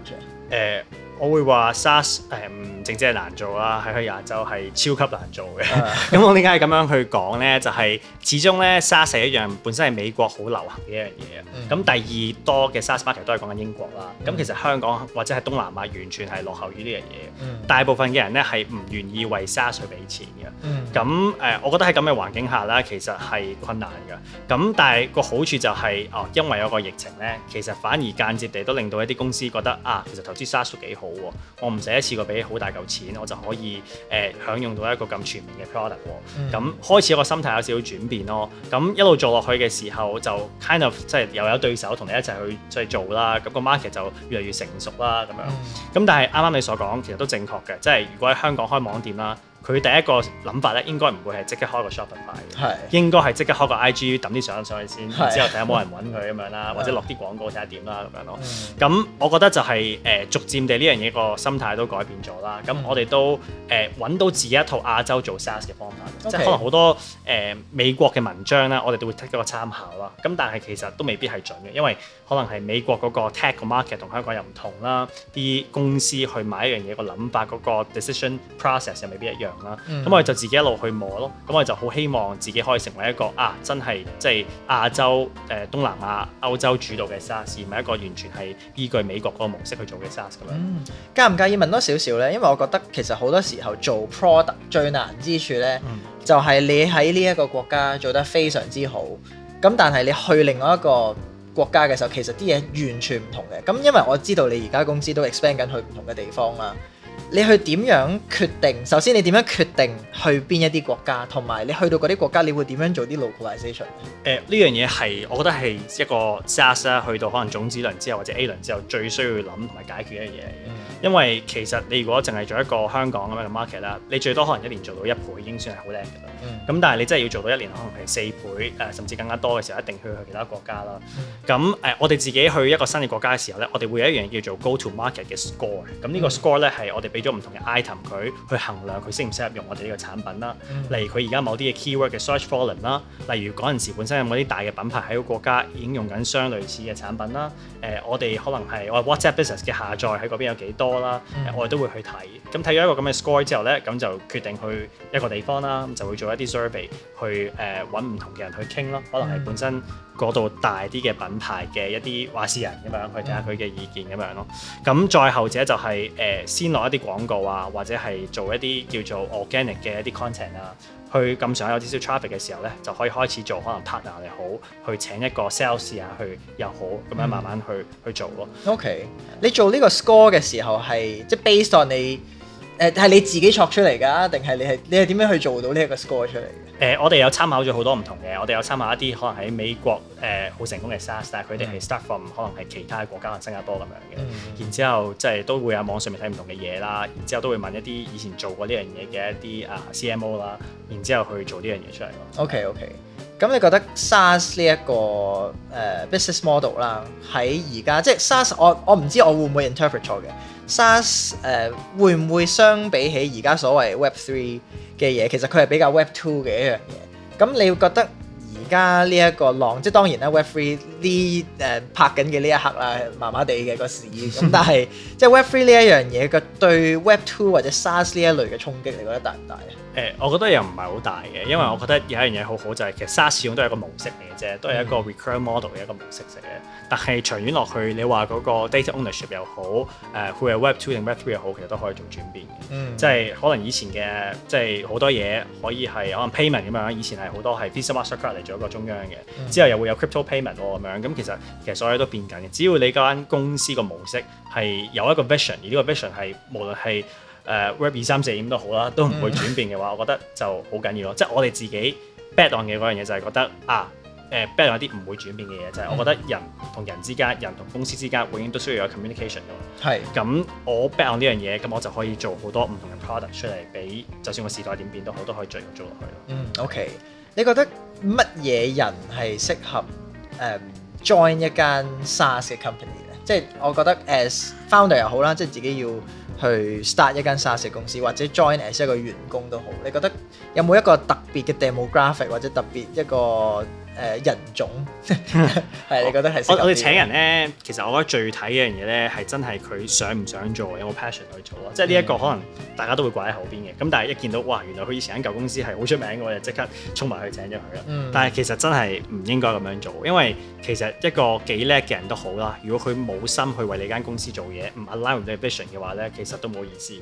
嗯我會話 SaaS 誒、嗯、唔淨止係難做啦，喺去亞洲係超級難做嘅。咁、uh huh. 我點解咁樣去講呢？就係、是、始終呢 SaaS 一樣本身係美國好流行嘅一樣嘢，咁第二多嘅 SaaS market 都係講緊英國啦。咁、uh huh. 其實香港或者係東南亞完全係落後於呢樣嘢。Uh huh. 大部分嘅人呢係唔願意為 SaaS 俾錢嘅。咁誒、uh，huh. 我覺得喺咁嘅環境下啦，其實係困難嘅。咁但係個好處就係、是、哦、呃，因為有個疫情呢，其實反而間接地都令到一啲公司覺得啊，其實投資 SaaS 都幾好。冇我唔使一次過俾好大嚿錢，我就可以誒、呃、享用到一個咁全面嘅 product。咁開始個心態有少少轉變咯。咁一路做落去嘅時候，就 kind of 即係又有對手同你一齊去即係做啦。咁、個 market 就越嚟越成熟啦。咁樣咁，嗯、但係啱啱你所講其實都正確嘅，即係如果喺香港開網店啦。佢第一個諗法咧，應該唔會係即刻開個 shop 嘅，是應該係即刻開個 IG 抌啲相上去先，之是後睇下有冇人揾佢咁樣啦， 或者落啲廣告睇下點啦咁樣咯。咁 我覺得就係、是、誒、呃、逐漸地呢樣嘢個心態都改變咗啦。咁 我哋都誒揾、呃、到自己一套亞洲做 SaaS 嘅方法，Okay. 即係可能好多誒、呃、美國嘅文章啦，我哋都會 take 一個參考啦。咁但係其實都未必係準嘅，因為可能係美國個 tech market 同香港又唔同啦，啲公司去買一樣嘢個諗法、嗰個 decision process 又未必一樣。咁、嗯、我就自己一路去摸咯，咁我就好希望自己可以成為一個啊，真係即係亞洲、誒、呃、東南亞、歐洲主導嘅 SaaS，唔係一個完全係依據美國嗰個模式去做嘅 SaaS 咁樣。介唔介意問多少少呢？因為我覺得其實好多時候做 product 最難之處呢，嗯、就係你喺呢一個國家做得非常之好，咁但係你去另外一個國家嘅時候，其實啲嘢完全唔同嘅。咁因為我知道你而家公司都 expand 緊去唔同嘅地方啦。你去點樣決定？首先你點樣決定去邊一啲國家，同埋你去到嗰啲國家，你會點樣做啲 localization 誒、呃，呢樣嘢係我覺得係一個 SaaS 啦，去到可能種子輪之後或者 A 輪之後最需要諗同埋解決嘅嘢，嗯、因為其實你如果淨係做一個香港咁樣嘅 market 啦，你最多可能一年做到一倍已經算係好靚嘅啦。咁、嗯、但係你真係要做到一年可能係四倍、呃、甚至更加多嘅時候，一定去去其他國家啦。咁誒、嗯呃，我哋自己去一個新嘅國家嘅時候呢，我哋會有一樣叫做 Go to Market 嘅 score 咁呢個 score 呢，係我哋俾。咗唔同嘅 item 佢去衡量佢適唔適合用我哋呢個產品啦，例如佢而家某啲嘅 keyword 嘅 search volume 啦，例如嗰陣時本身有冇啲大嘅品牌喺個國家已經用緊相類似嘅產品啦，誒、呃、我哋可能係我哋 WhatsApp business 嘅下載喺嗰邊有幾多啦、呃，我哋都會去睇，咁睇咗一個咁嘅 score 之後咧，咁就決定去一個地方啦，就會做一啲 survey 去誒揾唔同嘅人去傾咯，可能係本身。嗰度大啲嘅品牌嘅一啲話事人咁樣去睇下佢嘅意見咁樣咯，咁再後者就係、是、誒、呃、先落一啲廣告啊，或者係做一啲叫做 organic 嘅一啲 content 啊，去咁想有少少 traffic 嘅時候咧，就可以開始做可能 partner 又好，去請一個 sales 啊去又好咁樣慢慢去、嗯、去做咯。OK，你做呢個 score 嘅時候係即係、就是、based on 你誒係你自己作出嚟噶，定係你係你係點樣去做到呢一個 score 出嚟？誒、呃，我哋有參考咗好多唔同嘅，我哋有參考一啲可能喺美國誒好、呃、成功嘅 SaaS，但係佢哋係 start from 可能係其他國家，可能新加坡咁樣嘅、mm hmm.，然之後即係都會喺網上面睇唔同嘅嘢啦，然之後都會問一啲以前做過呢樣嘢嘅一啲啊 CMO 啦，然之後去做呢樣嘢出嚟咯。OK，OK、okay, okay.。咁你覺得 SaaS 呢一個誒、呃、business model 啦，喺而家即係 SaaS，我我唔知我會唔會 interpret 錯嘅。SaaS 誒、呃、會唔會相比起而家所謂 Web Three 嘅嘢，其實佢係比較 Web Two 嘅一樣嘢。咁你會覺得而家呢一個浪，即係當然啦，Web Three 呢誒、呃、拍緊嘅呢一刻啦，麻麻地嘅個市。咁但係 即係 Web Three 呢一樣嘢嘅對 Web Two 或者 SaaS 呢一類嘅衝擊，你覺得大唔大啊？誒、呃，我覺得又唔係好大嘅，因為我覺得有一樣嘢好好就係、是、其實 SaaS 用都係一個模式嚟嘅啫，都係一個 recurring model 嘅一個模式嚟嘅。但係長遠落去，你話嗰個 data ownership 又好，誒、呃，佢係 web two 定 web three 又好，其實都可以做轉變嘅。即係、嗯、可能以前嘅，即係好多嘢可以係可能 payment 咁樣，以前係好多係 Visa Mastercard 嚟做一個中央嘅，之後又會有 crypto payment 咁樣。咁其實其實所有都變緊嘅，只要你間公司個模式係有一個 vision，而呢個 vision 係無論係。誒、uh, web 二三四點都好啦，都唔會轉變嘅話，嗯、我覺得就好緊要咯。即係我哋自己 bet on 嘅嗰樣嘢，就係覺得啊，誒、呃、bet on 一啲唔會轉變嘅嘢，嗯、就係我覺得人同人之間、人同公司之間，永遠都需要有 communication 嘅。係、嗯。咁我 bet on 呢樣嘢，咁我就可以做好多唔同嘅 product 出嚟，俾就算個時代點變都好，都可以繼續做落去咯。嗯，OK。你覺得乜嘢人係適合誒、嗯、join 一間 SaaS 嘅 company 咧？即、就、係、是、我覺得 as founder 又好啦，即、就、係、是、自己要。去 start 一間 SaaS 公司，或者 join as 一個員工都好。你覺得有冇一個特別嘅 demographic，或者特別一個？誒、呃、人種係 你覺得係我哋請人咧，其實我覺得最睇一樣嘢咧，係真係佢想唔想做，有冇 passion 去做啊！即係呢一個可能大家都會掛喺後邊嘅。咁但係一見到哇，原來佢以前間舊公司係好出名我就即刻衝埋去請咗佢啦。嗯、但係其實真係唔應該咁樣做，因為其實一個幾叻嘅人都好啦。如果佢冇心去為你間公司做嘢，唔 align with 你嘅 vision 嘅話咧，其實都冇意思嘅。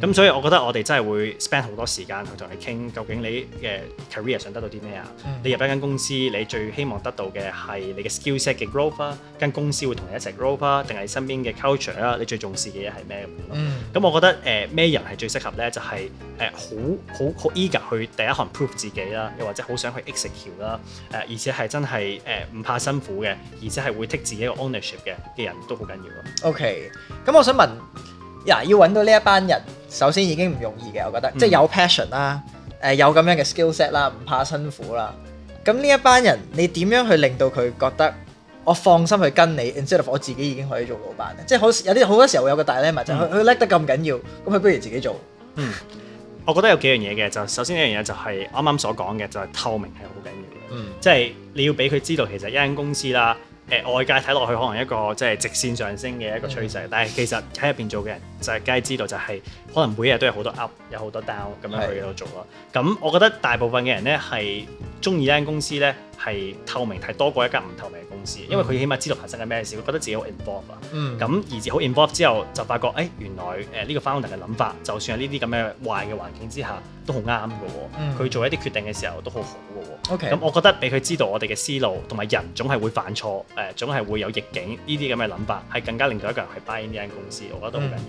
咁、嗯、所以我覺得我哋真係會 spend 好多時間去同你傾，究竟你嘅 career 想得到啲咩啊？嗯、你入一間公司。你最希望得到嘅係你嘅 skillset 嘅 growth 翻，間公司會同你一齊 grow 翻，定係身邊嘅 culture 啊？你最重視嘅嘢係咩？咁我覺得誒咩、呃、人係最適合呢？就係誒好好好 eager 去第一行 prove 自己啦，又或者好想去 execute 啦、呃，誒而且係真係誒唔怕辛苦嘅，而且係會 take 自己一個 ownership 嘅嘅人都好緊要咯。OK，咁我想問，嗱要揾到呢一班人，首先已經唔容易嘅，我覺得即係、就是、有 passion 啦、嗯，誒、呃、有咁樣嘅 skillset 啦，唔怕辛苦啦。咁呢一班人，你點樣去令到佢覺得我放心去跟你，instead of 我自己已經可以做老闆咧？即係好有啲好多時候會有個大 limit，就係佢佢叻得咁緊要，咁佢不如自己做。嗯，我覺得有幾樣嘢嘅，就首先一樣嘢就係啱啱所講嘅，就係透明係好緊要嘅。嗯，即係你要俾佢知道其實一間公司啦。誒外界睇落去可能一個即係直線上升嘅一個趨勢，Yeah. 但係其實喺入邊做嘅人就係梗係知道就係可能每日都有好多 up，有好多 down 咁樣去度做咯。咁 Yeah. 我覺得大部分嘅人呢係中意呢間公司呢，係透明，係多過一間唔透明嘅公司，因為佢起碼知道發生緊咩事，佢覺得自己好 involved 啊、嗯。咁而至好 involved 之後，就發覺誒、哎、原來誒呢個 founder 嘅諗法，就算喺呢啲咁嘅壞嘅環境之下，都好啱㗎喎。佢、嗯、做一啲決定嘅時候都好好㗎喎。咁 Okay, 我覺得俾佢知道我哋嘅思路，同埋人總係會犯錯，誒總係會有逆境，呢啲咁嘅諗法係更加令到一個人係 buy 呢間公司，我覺得好緊要。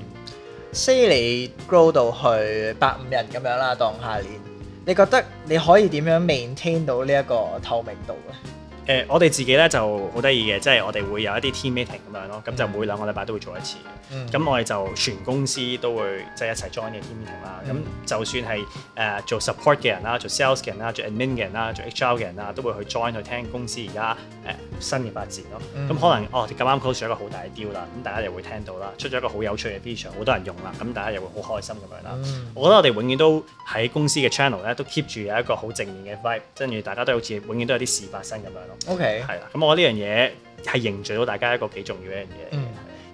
希嚟 grow 到去百五人咁樣啦，當下年。你覺得你可以點樣 maintain 到呢一個透明度啊？誒、呃，我哋自己咧就好得意嘅，即係我哋會有一啲 team meeting 咁樣咯，咁就每兩個禮拜都會做一次。咁、嗯、我哋就全公司都會即係、就是、一齊 join 嘅 team meeting 啦。咁、嗯、就算係誒、呃、做 support 嘅人啦，做 sales 嘅人啦，做 admin 嘅人啦，做 HR 嘅人啦，都會去 join 去聽公司而家誒新嘅發展咯。咁、嗯、可能哦咁啱 close 咗一個好大嘅 deal 啦，咁大家又會聽到啦，出咗一個好有趣嘅 feature，好多人用啦，咁大家又會好開心咁樣啦。嗯、我覺得我哋永遠都喺公司嘅 channel 咧，都 keep 住有一個好正面嘅 vibe，跟住大家都好似永遠都有啲事發生咁樣咯。O.K. 係啦，咁我呢樣嘢係凝聚到大家一個幾重要一樣嘢。嗯，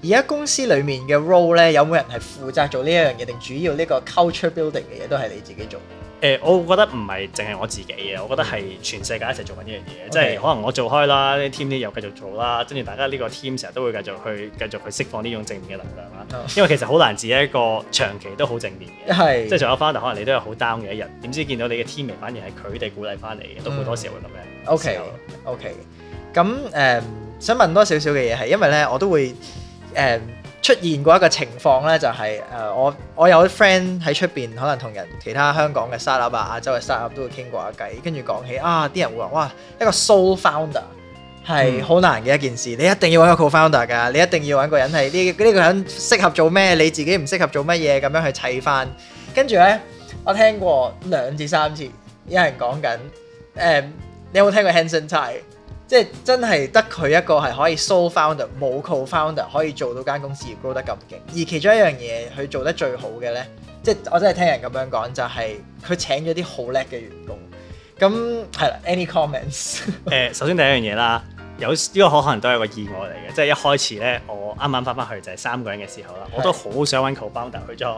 而家公司裡面嘅 role 咧，有冇人係負責做呢一樣嘢，定主要呢個 culture building 嘅嘢都係你自己做？誒，我覺得唔係淨係我自己嘅，嗯、我覺得係全世界一齊做緊呢樣嘢，okay, 即係可能我做開啦，啲、這、team、個、又繼續做啦，跟住大家呢個 team 成日都會繼續去繼續去釋放呢種正面嘅能量啦。Oh. 因為其實好難自己一個長期都好正面嘅， 即係做 founder，a 可能你都有好 down 嘅一日，點知見到你嘅 team 反而係佢哋鼓勵翻你嘅，都好多時候會咁樣。OK，OK，咁誒想問多少少嘅嘢係，因為咧我都會誒。呃出現過一個情況咧、就是，就係誒我我有啲 friend 喺出邊，可能同人其他香港嘅 startup 啊、亞洲嘅 startup 都會傾過下偈，跟住講起啊，啲人會話哇，一個 sole founder 係好難嘅一件事、嗯你一一，你一定要揾個 co-founder 㗎，你一定要揾個人係呢呢個人適合做咩，你自己唔適合做乜嘢，咁樣去砌翻。跟住呢，我聽過兩至三次有人講緊誒，你有冇聽過 Henson Tsai？即係真係得佢一個係可以 sole founder 冇 co founder 可以做到間公司 grow 得咁勁，而其中一樣嘢佢做得最好嘅咧，即係我真係聽人咁樣講就係、是、佢請咗啲好叻嘅員工，咁係啦。Any comments？誒， 首先第一樣嘢啦。有呢，這個可能都係個意外嚟嘅，即係一開始咧，我啱啱翻翻去就係三個人嘅時候啦，是我都好想揾 co-founder 去裝，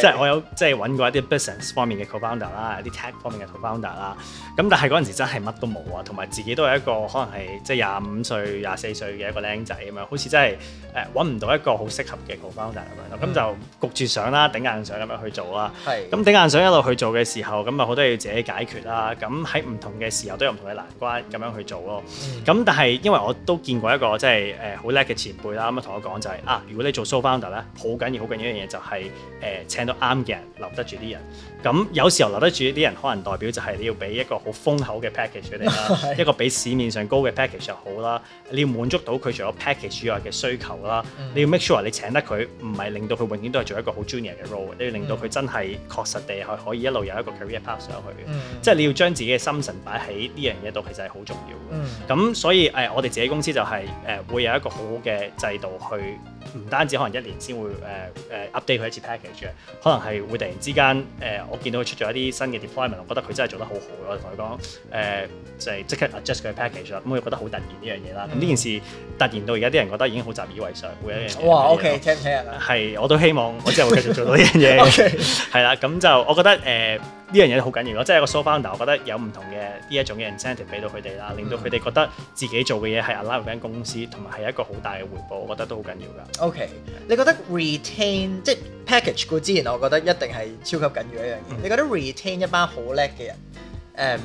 即係我有即係揾過一啲 business 方面嘅 co-founder 啦，啲 tech 方面嘅 co-founder 啦，咁但係嗰陣時真係乜都冇啊，同埋自己都係一個可能係即係廿五歲、廿四歲嘅一個僆仔咁樣，好似真係誒揾唔到一個好適合嘅 co-founder 咁樣，咁就焗住想啦，頂硬上咁樣去做啦，咁頂硬上一路去做嘅時候，咁啊好多嘢要自己解決啦，咁喺唔同嘅時候都有唔同嘅難關咁樣去做咯，咁、嗯、但係。因為我都見過一個即係誒好叻嘅前輩啦、啊，咁啊同我講就係、是、啊，如果你做 sole founder 咧，好緊要、好緊要一樣嘢就係、是、誒、呃、請到啱嘅人，留得住啲人。咁有時候留得住啲人，可能代表就係你要俾一個好豐厚嘅 package 俾你啦，的一個比市面上高嘅 package 又好啦。你要滿足到佢除咗 package 之外嘅需求啦。嗯、你要 make sure 你請得佢，唔係令到佢永遠都係做一個好 junior 嘅 role。你要令到佢真係確實地係可以一路有一個 career path 上去嘅。即係、嗯嗯、你要將自己嘅心神擺喺呢樣嘢度，其實係好重要嘅。咁、嗯、所以誒我哋自己公司就係誒會有一個好好嘅制度去，唔單止可能一年先會誒誒 update 佢一次 package，可能係會突然之間誒。呃我見到佢出咗一啲新嘅 deployment 我覺得佢真係做得好好。我同佢講，誒、呃、就係、是、即刻 adjust 佢 package 啦、嗯。咁佢覺得好突然呢樣嘢啦。咁呢件事,、嗯、件事突然到而家啲人覺得已經好習以為常，會有一樣嘢。哇！OK，我聽唔聽啊？係，我都希望我之後會繼續做到呢樣嘢。 OK，係啦。咁就我覺得誒呢樣嘢好緊要咯。即係個 sole founder，我覺得有唔同嘅呢一種嘅 incentive 俾到佢哋啦，嗯、令到佢哋覺得自己做嘅嘢係 allow 俾間公司，同埋係一個好大嘅回報，我覺得都好緊要噶。OK，你覺得 retain 即？package 固之然我覺得一定係超級緊要一樣嘢。嗯、你覺得 retain 一班好叻嘅人，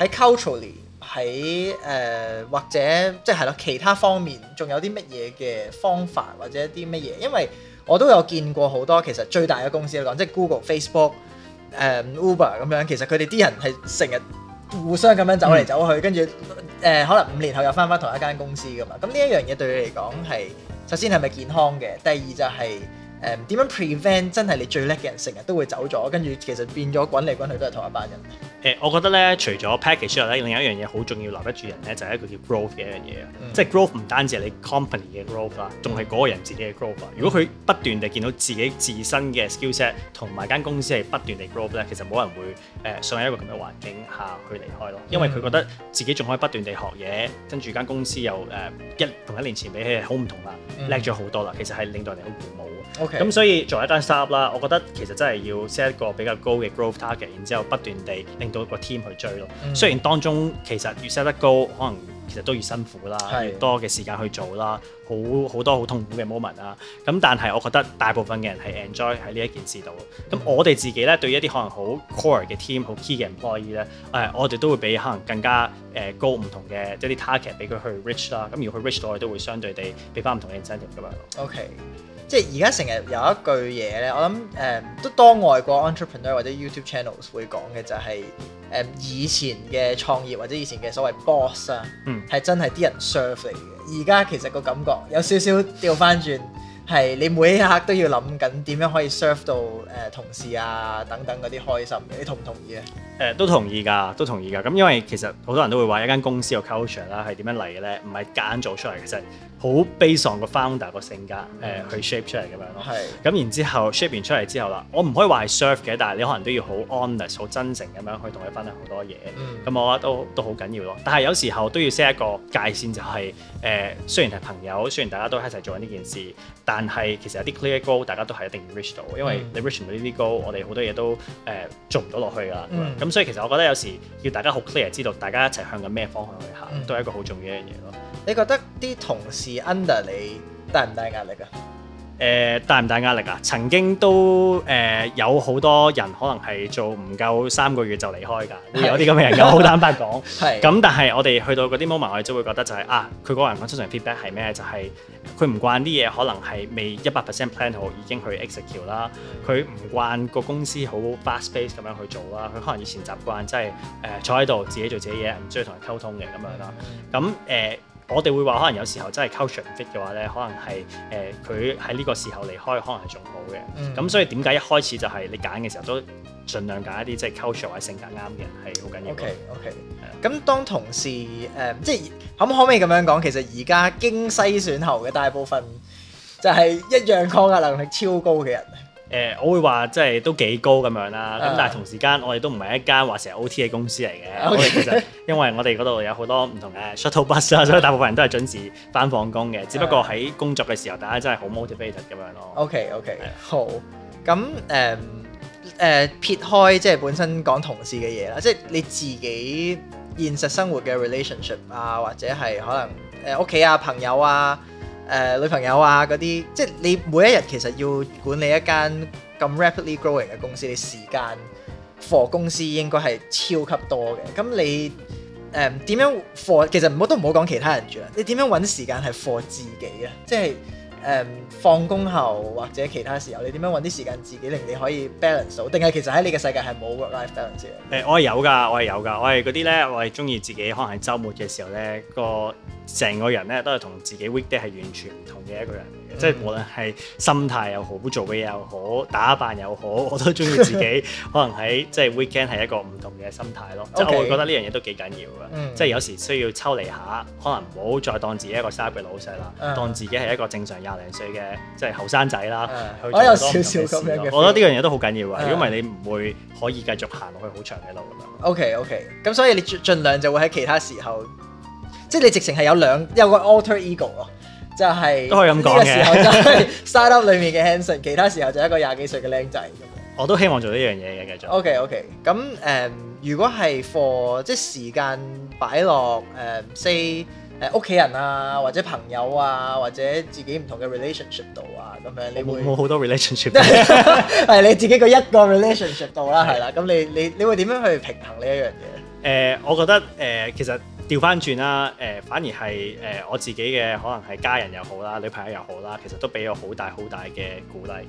誒喺 culturally 喺誒或者即係啦其他方面，仲有啲乜嘢嘅方法或者啲乜嘢？因為我都有見過好多其實最大嘅公司嚟講，即係 Google、嗯、Facebook、誒 Uber 咁樣。其實佢哋啲人係成日互相咁樣走嚟走去，跟住誒可能五年後又返返同一間公司㗎嘛。咁呢一樣嘢對你嚟講係首先係咪健康嘅？第二就係、是。誒點樣 prevent？真係你最叻嘅人成日都會走咗，跟住其實變咗滾嚟滾去都係同一班人。誒，我覺得咧，除咗 package 之外咧，另一樣嘢好重要留得住人咧，就係、是、一個叫 growth 嘅一樣嘢、嗯、即係 growth 唔單止係你 company 嘅 growth 啦、嗯，仲係嗰個人自己嘅 growth。嗯、如果佢不斷地見到自己自身嘅 skillset 同埋間公司係不斷地 growth 咧，其實冇人會誒、呃、上喺一個咁嘅環境下去離開咯。嗯、因為佢覺得自己仲可以不斷地學嘢，跟住間公司又誒、呃、一同一年前比起好唔同啦，叻咗好多啦。其實係令到人哋好鼓舞嘅。OK。咁所以作為一間 startup 啦，我覺得其實真係要 set 一個比較高嘅 growth target，然之後不斷地令。到個 team 去追咯。嗯、雖然當中其實越 set 得高，可能其實都越辛苦啦，越多嘅時間去做啦，好好多好痛苦嘅 moment 啦。咁但係我覺得大部分嘅人係 enjoy 喺呢一件事度。咁、嗯、我哋自己咧，對於一啲可能好 core 嘅 team、好 key 嘅 employee 咧，誒我哋都會俾可能更加誒高唔同嘅即係啲 target 俾佢去 reach 啦。咁如果佢 reach 到，我哋都會相對地俾翻唔同嘅 incentive 咁樣。OK。即係而家成日有一句嘢咧，我諗誒、嗯、都多外國 entrepreneur 或者 YouTube channels 會講嘅就係、是、誒、嗯、以前嘅創業或者以前嘅所謂 boss 啊，係、嗯、真係啲人 serve 嚟嘅。而家其實個感覺有少少調返轉。 係你每一刻都要諗緊點樣可以 serve 到誒、呃、同事啊等等嗰啲開心嘅，你同唔同意啊？誒都同意㗎，都同意㗎。咁、嗯、因為其實好多人都會話一間公司個 culture 啦係點樣嚟嘅咧，唔係夾硬做出嚟，其實好悲壯個 founder 個性格誒、嗯呃、去 shape 出嚟咁樣咯。係。咁然之後 shape 完出嚟之後啦，我唔可以話係 serve 嘅，但係你可能都要好 honest、好真誠咁樣去同佢分享好多嘢。嗯。咁我覺得都都好緊要咯。但係有時候都要 set 一個界線、就是，就係。誒雖然係朋友，雖然大家都喺一齊做緊呢件事，但係其實有啲 clear goal，大家都係一定要 reach 到，因為你 reach 唔到呢啲 goal，我哋好多嘢都誒、呃、做唔到落去㗎啦。咁、嗯、所以其實我覺得有時要大家好 clear 知道大家一齊向緊咩方向去行，都係一個好重要嘅一樣嘢咯。你覺得啲同事 under 你帶唔帶壓力啊？誒、呃、大唔大壓力啊？曾經都誒有好多人可能係做唔夠三個月就離開㗎，有啲咁嘅人。有好坦白講，係咁 的，但係我哋去到嗰啲 moment，我哋就會覺得就係、是、啊，佢嗰個人講出嚟 feedback 係咩？就係佢唔慣啲嘢，可能係未一百 percent plan 好，已經去 execute 啦。佢唔慣個公司好 fast pace 咁樣去做啦。佢可能以前習慣即係誒坐喺度自己做自己嘢，唔中意同人溝通嘅咁樣啦。咁誒。呃我哋會話，可能有時候真係 culture fit 嘅話咧，可能係誒佢喺呢個時候離開，可能係仲好嘅。咁、嗯、所以點解一開始就係你揀嘅時候都盡量揀一啲即係 culture 或者性格啱嘅人係好緊要。OK，OK。咁 Okay, okay. Yeah. 當同事誒、嗯，即係可唔可唔可以咁樣講？其實而家經篩選後嘅大部分，就係一樣抗壓能力超高嘅人。誒、呃，我會話即係都幾高咁樣啦，咁、uh, 但係同時間我哋都唔係一間話成日 OT 嘅公司嚟嘅。Okay. 其實因為我哋嗰度有好多唔同嘅 shuttle bus 啊， 所以大部分人都係準時翻放工嘅。Uh, 只不過喺工作嘅時候，大家真係好 motivated 咁樣咯。OK OK，是好。咁誒誒，um, uh, 撇開即係本身講同事嘅嘢啦，即、就、係、是、你自己現實生活嘅 relationship 啊，或者係可能誒屋企啊、朋友啊。誒、呃、女朋友啊，嗰啲即係你每一日其實要管理一間咁 rapidly growing 嘅公司，你時間 for 公司應該係超級多嘅。咁你誒點、呃、樣 for？其實唔好都唔好講其他人住啦。你點樣揾時間係 for 自己啊？即係。誒，放工後或者其他時候，你點樣揾啲時間自己令你可以 balance 到？定係其實喺你嘅世界係冇 work life balance 嘅？誒我係有噶，我係有噶，我係啲咧，我係中意自己可能喺周末嘅時候咧，個成個人咧都係同自己 weekday 係完全唔同嘅一個人。嗯、即係無論係心態又好，做嘅嘢又好，打扮又好，我都中意自己。 可能喺即係 weekend 係一個唔同嘅心態咯，即係我會覺得呢樣嘢都幾緊要嘅。嗯、即係有時需要抽離下，可能唔好再當自己一個 SaaS 嘅老細啦，當自己係一個正常廿零歲嘅即係後生仔啦。我有少少咁樣嘅感覺，我覺得呢樣嘢都好緊要嘅。如果唔係你唔會可以繼續行落去好長嘅路。O K O K，咁所以你盡量就會喺其他時候，即係你直情係有兩有個 alter ego 咯。就係、是、都可以咁講嘅，就係 start up 裏面嘅 Henson 其他時候就一個廿幾歲嘅僆仔。我都希望做呢一樣嘢嘅，繼續。O K O K，咁誒，um, 如果係 for 即係時間擺落誒 say 誒屋企人啊，或者朋友啊，或者自己唔同嘅 relationship 度啊，咁樣你會冇好多 relationship，係 你自己個一個 relationship 度啦，係啦。 咁你你你會點樣去平衡呢一樣嘢？誒、呃，我覺得誒、呃，其實。調翻轉啦，誒反、呃、反而係誒我自己嘅，可能係家人又好啦，女朋友又好啦，其實都俾我好大好大嘅鼓勵嘅，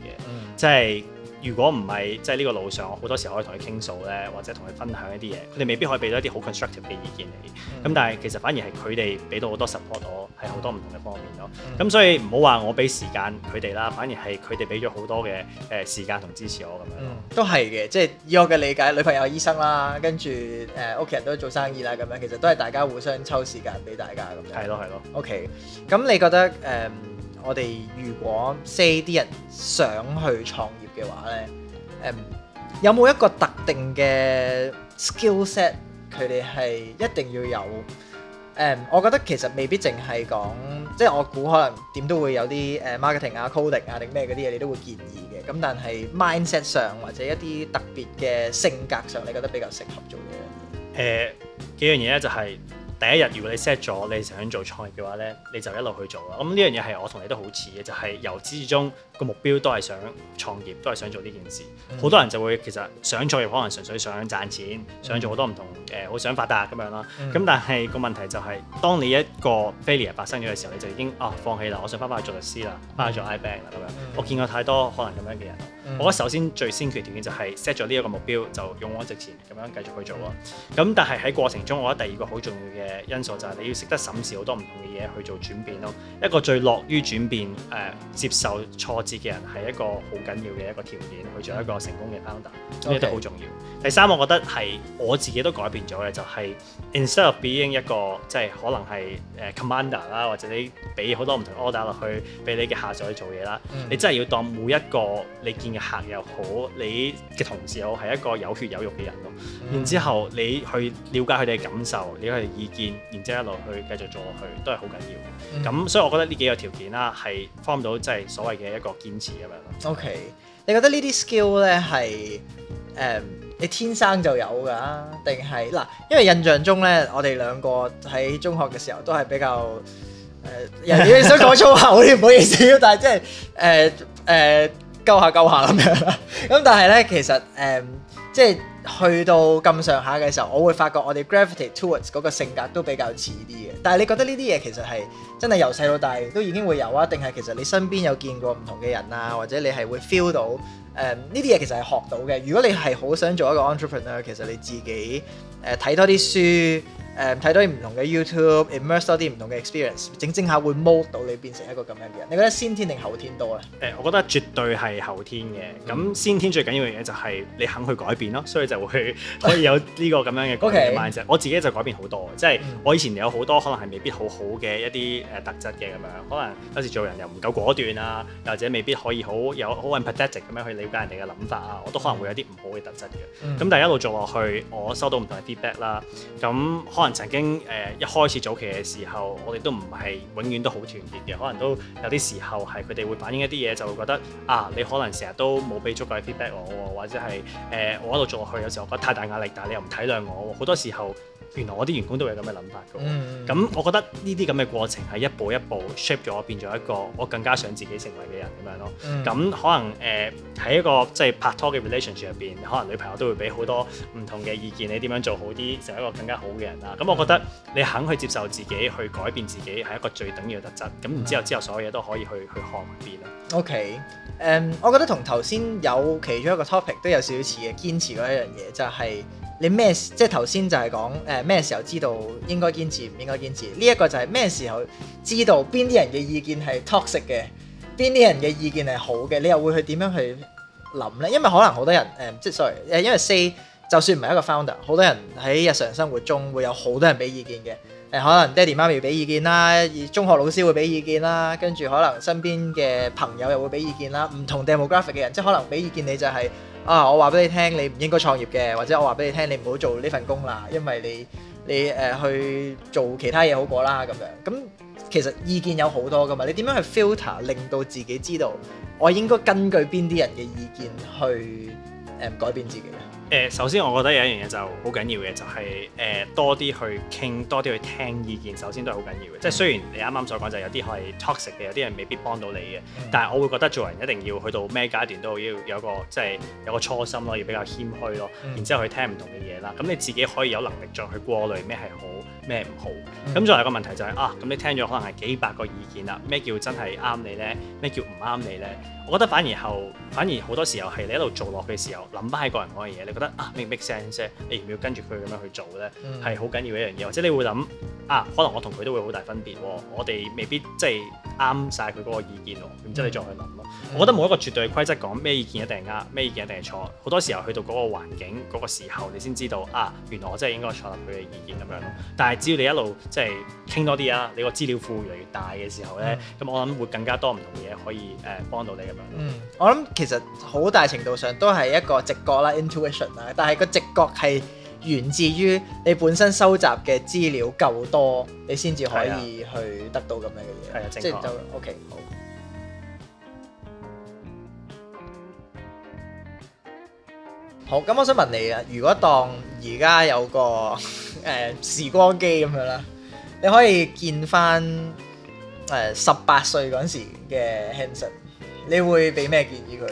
即係、嗯。即係如果唔係，即係呢個路上，我好多時候可以同佢傾訴咧，或者同佢分享一啲嘢，佢哋未必可以俾到一啲好 constructive 嘅意見你。咁、嗯、但係其實反而係佢哋俾到好多 support 我，係好多唔同嘅方面咯。咁所以唔好話我俾時間佢哋啦，反而係佢哋俾咗好多嘅誒時間同支持我咁樣。都係嘅，即係以我嘅理解，女朋友係醫生啦，跟住誒屋企人都做生意啦，咁樣其實都係大家互相抽時間俾大家咁。係咯係咯，OK。咁你覺得誒，嗯我哋如果 say 啲人想去創業嘅話呢、嗯，有冇一個特定嘅 skill set 佢哋係一定要有、嗯？我覺得其實未必淨係講，即係我估可能點都會有啲誒 marketing 啊、coding 啊定咩嗰啲嘢，你都會建議嘅。咁但係 mindset 上或者一啲特別嘅性格上，你覺得比較適合做嘢咧？誒、呃、幾樣嘢咧就係、是。第一日如果你 set 咗你想做創業嘅話咧，你就一路去做啦。咁、嗯、呢樣嘢係我同你都好似嘅，就係、是、由始至終。個目標都係想創業，都係想做呢件事。好多人就會其實想創業，可能純粹想賺錢，想做好多唔同誒，好、呃、想發達咁樣啦，咁、嗯、但係個問題就係、是，當你一個 failure 發生咗嘅時候，你就已經啊、哦、放棄啦，我想翻返去做律師啦，翻返、啊、做 IBank 啦咁樣。我見過太多可能咁樣嘅人。嗯、我覺得首先最先決條件就係 set 咗呢一個目標，就勇往直前咁樣繼續去做咯。咁但係喺過程中，我覺得第二個好重要嘅因素就係你要識得審視好多唔同嘅嘢去做轉變咯。一個最樂於轉變誒、呃，接受挫折。嘅人係一個好緊要嘅一個條件去做一個成功嘅 founder，呢啲都好重要。第三，我覺得係我自己都改變咗嘅，就係、是。Instead of being 一個即係可能係誒 commander 啦，或者你俾好多唔同 order 落去，俾你嘅下手去做嘢啦。你真係要當每一個你見嘅客又好，你嘅同事又好，係一個有血有肉嘅人咯。嗯、然之後你去了解佢哋嘅感受，你嘅、嗯、意見，然之後一路去繼續做落去，都係好緊要嘅。咁、嗯、所以，我覺得呢幾個條件啦，係 form 到即係所謂嘅一個堅持咁樣咯。OK，你覺得呢啲 skill 咧係誒？Um, 你天生就有㗎？定係嗱？因為印象中咧，我哋兩個喺中學嘅時候都係比較人哋、呃、想講粗口添，唔 好意思。但係即係誒誒，鳩、呃呃、下鳩下咁樣。咁但係咧，其實誒、呃，即係去到咁上下嘅時候，我會發覺我哋 gravity towards 嗰個性格都比較似啲嘅。但係你覺得呢啲嘢其實係真係由細到大都已經會有啊？定係其實你身邊有見過唔同嘅人啊？或者你係會 feel 到？誒呢啲嘢其實係學到嘅。如果你係好想做一個 entrepreneur，其實你自己誒睇，呃，多啲書。睇、um，到唔同嘅 YouTube，immerse 多啲唔同嘅 experience，整整下會 mould、e、到你變成一個咁樣嘅人。你覺得先天定後天多啊？誒、呃，我覺得絕對係後天嘅。咁、嗯、先天最緊要嘅嘢就係你肯去改變咯，所以就會可以有呢個咁樣嘅改變。 Okay. 我自己就改變好多，即、就、係、是、我以前有好多可能係未必好好嘅一啲誒特質嘅咁樣，可能有時做人又唔夠果斷啊，又或者未必可以好有好 empathetic 咁樣去理解人哋嘅諗法啊，我都可能會有啲唔好嘅特質嘅。咁、嗯、但係一路做落去，我收到唔同嘅 feedback 啦，咁。可能曾經誒、呃、一開始早期嘅時候，我哋都唔係永遠都好團結嘅，可能都有啲時候係佢哋會反映一啲嘢，就會覺得啊，你可能成日都冇俾足夠嘅 feedback 我，或者係誒、呃、我喺度做落去有時候覺得太大壓力，但係你又唔體諒我，好多時候。原來我啲員工都有咁嘅諗法嘅，咁、嗯、我覺得呢啲咁嘅過程係一步一步 shape 咗我變咗一個我更加想自己成為嘅人咁樣咯。咁、嗯、可能誒喺、呃、一個即係拍拖嘅 relationship 入邊，可能女朋友都會俾好多唔同嘅意見，你點樣做好啲，成為一個更加好嘅人啦。咁、嗯、我覺得你肯去接受自己，去改變自己係一個最緊要嘅特質。咁然之後、嗯、之後所有嘢都可以去去看變咯。OK，誒、um，我覺得同頭先有其中一個 topic 都有少少似嘅，堅持嗰一樣嘢就係、是。你咩即係頭先就係講誒咩時候知道應該堅持唔應該堅持？呢一個就係咩時候知道邊啲人嘅意見係 toxic 嘅，邊啲人嘅意見係好嘅？你又會去點樣去諗呢？因為可能好多人誒、嗯，即係 sorry 因為 say 就算唔係一個 founder，好多人喺日常生活中會有好多人俾意見嘅。誒可能爹哋媽咪俾意見啦，而中學老師會俾意見啦，跟住可能身邊嘅朋友又會俾意見啦，唔同 demographic 嘅人即係可能俾意見你就係、是、啊，我話俾你聽，你唔應該創業嘅，或者我話俾你聽，你唔好做呢份工啦，因為你你誒、呃、去做其他嘢好過啦咁樣。咁其實意見有好多㗎嘛，你點樣去 filter 令到自己知道我應該根據邊啲人嘅意見去、呃、改變自己咧？誒，首先我覺得有一樣嘢就好緊要嘅，就係、是、誒多啲去傾，多啲去聽意見。首先都係好緊要嘅，即係雖然你啱啱所講就有啲係 toxic 嘅，有啲人未必幫到你嘅，但係我會覺得做人一定要去到咩階段都要有個即係、就是、有個初心咯，要比較謙虛咯，然之後去聽唔同嘅嘢啦。咁你自己可以有能力再去過濾咩係好，咩唔好？咁仲、嗯、有個問題就係、是嗯、啊，咁你聽咗可能係幾百個意見啦。咩叫真係啱你呢？咩叫唔啱你呢？我覺得反而後，反而好多時候係你喺度做落嘅時候，諗翻起個人講嘅嘢，你覺得啊，make sense 啫。你要唔要跟住佢咁樣去做呢？係好緊要一樣嘢。或者你會諗啊，可能我同佢都會好大分別喎。我哋未必即係啱晒佢嗰個意見咯。然之後你再去諗咯。嗯、我覺得冇一個絕對規則講咩意見一定啱，咩意見一定係錯。好多時候去到嗰個環境、嗰、那個時候，你先知道啊，原來我真係應該採納佢嘅意見咁樣咯。但只要你一路即係傾多啲啊，你個資料庫越嚟越大嘅時候咧，咁、嗯、我諗會更加多唔同嘢可以誒、呃、幫到你咁樣。嗯，我諗其實好大程度上都係一個直覺啦，intuition 啦，Intuition, 但係個直覺係源自於你本身收集嘅資料夠多，你先至可以去得到咁樣嘅嘢。係啊，正確。即係、啊、就,就 OK，好。好，咁我想問你啊，如果當而家有個 誒時光機咁樣啦，你可以見翻誒十八歲嗰陣時嘅 Henson，你會俾咩建議佢？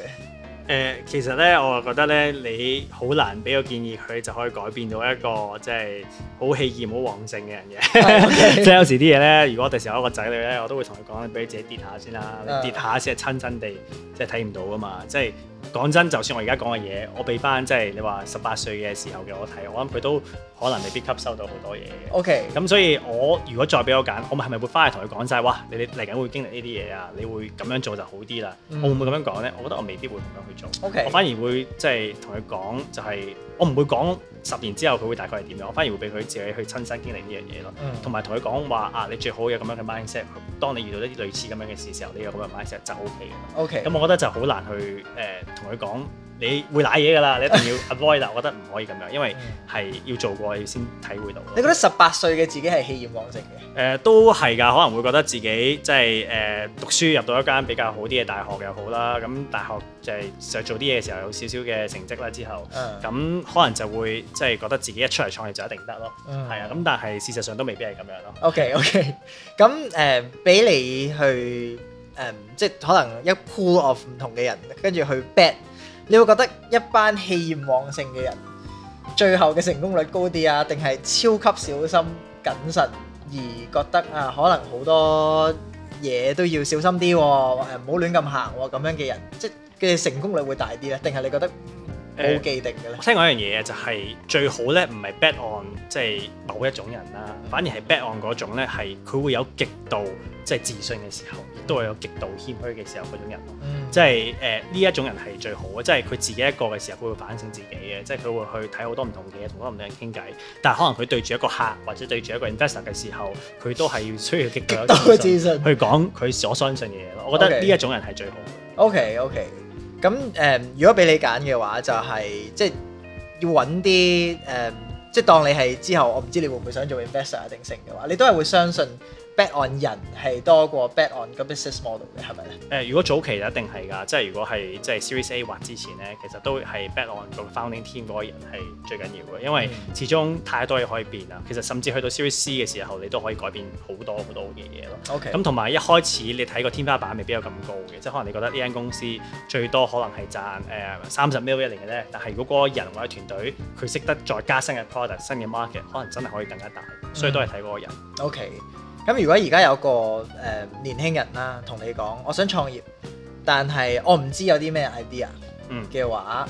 誒，其實咧我覺得咧，你好難俾個建議佢就可以改變到一個即係好氣焰好旺盛嘅人嘅，即係有時啲嘢咧，如果第時我有一個仔女咧，我都會同佢講，俾你自己跌下先啦，你跌下先係親身地即係睇唔到噶嘛，即係。講真，就算我而家講嘅嘢，我俾翻即係你話十八歲嘅時候嘅我睇，我諗佢都可能未必吸收到好多嘢。OK。咁所以我，我如果再俾我揀，我係咪會翻去同佢講晒？「哇，你哋嚟緊會經歷呢啲嘢啊，你會咁樣做就好啲啦。嗯、我會唔會咁樣講呢？我覺得我未必會咁樣去做。OK 我、就是我。我反而會即係同佢講，就係我唔會講十年之後佢會大概係點樣。我反而會俾佢自己去親身經歷呢樣嘢咯。同埋同佢講話啊，你最好有咁樣嘅 mindset。當你遇到一啲類似咁樣嘅事的時候，你有咁樣 mindset 就 OK 嘅。OK。咁我覺得就好難去誒。呃同佢講，你會瀨嘢噶啦，你一定要 avoid 啦。 我覺得唔可以咁樣，因為係要做過先體會到。你覺得十八歲嘅自己係氣焰旺盛嘅？誒、呃，都係㗎，可能會覺得自己即係誒讀書入到一間比較好啲嘅大學又好啦。咁大學就係做啲嘢時候有少少嘅成績啦。之後，咁、嗯、可能就會即係、就是、覺得自己一出嚟創業就一定得咯。係啊、嗯，咁但係事實上都未必係咁樣咯。OK OK。 咁、呃、誒，俾你去。Um, 即係可能一 pool of 唔同嘅人，跟住去 bet，你會覺得一班氣焰旺盛嘅人，最後嘅成功率高啲啊？定係超級小心謹慎而覺得啊，可能好多嘢都要小心啲，誒、啊，唔好亂咁行咁樣嘅人，即係嘅成功率會大啲咧？定係你覺得冇既定嘅咧？嗯、聽講一樣嘢啊，就係、是、最好咧，唔係 bet on 即係某一種人啦，反而係 bet on 嗰種咧，係佢會有極度即係、就是、自信嘅時候。都係有極度謙虛嘅時候嗰種人，嗯、即係誒呢一種人係最好嘅，即係佢自己一個嘅時候，佢會反省自己嘅，即係佢會去睇好多唔同嘅嘢，同好多唔同人傾偈。但係可能佢對住一個客或者對住一個 investor 嘅時候，佢都係要需要極度自信去講佢所相信嘅嘢咯。我覺得呢一種人係最好。OK OK，咁誒、呃，如果俾你揀嘅話，就係即係要揾啲誒，即係、呃、當你係之後，我唔知你會唔會想做 investor 定性嘅話，你都係會相信。Bet on 人係多過 Bet on 個 business model 嘅係咪咧？誒、呃，如果早期就一定係㗎，即係如果係即係 Series A 或之前咧，其實都係 Bet on 個 founding team 嗰個人係最緊要嘅，因為始終太多嘢可以變啦。其實甚至去到 Series C 嘅時候，你都可以改變好多好多嘅嘢咯。OK，咁同埋一開始你睇個天花板未必有咁高嘅，即係可能你覺得呢間公司最多可能係賺誒三十 million 一年嘅咧，但係如果嗰個人或者團隊佢識得再加新嘅 product、新嘅 market，可能真係可以更加大，所以都係睇嗰個人。OK。咁如果而家有個誒、呃、年輕人啦，同你講，我想創業，但係我唔知有啲咩 idea 嘅話，誒呢、嗯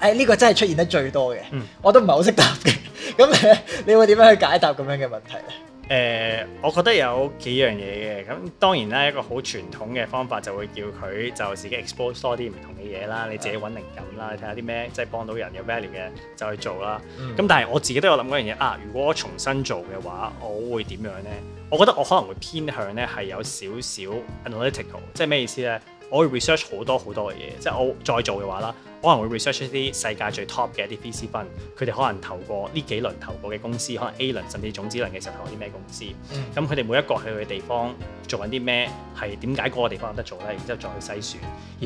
哎呢個真係出現得最多嘅，嗯、我都唔係好識答嘅。咁 你會點樣去解答咁樣嘅問題咧？誒、呃，我覺得有幾樣嘢嘅。咁當然啦，一個好傳統嘅方法就會叫佢就自己 expose 多啲唔同嘅嘢啦，你自己揾靈感啦，睇下啲咩即係幫到人有 value 嘅就去做啦。咁但係我自己都有諗過樣嘢啊，如果我重新做嘅話，我會點樣呢？我覺得我可能會偏向咧係有少少 analytical，即係咩意思咧？我會 research 好多好多嘅嘢，即係我再做嘅話啦。可能會 research 出啲世界最 top 嘅一啲 VC firm 佢哋可能投過呢幾輪投過嘅公司，可能 A 輪甚至總之輪嘅時候投啲咩公司，咁佢哋每一個去嘅地方做緊啲咩，係點解嗰個地方有得做呢？然之後再去篩、嗯、選，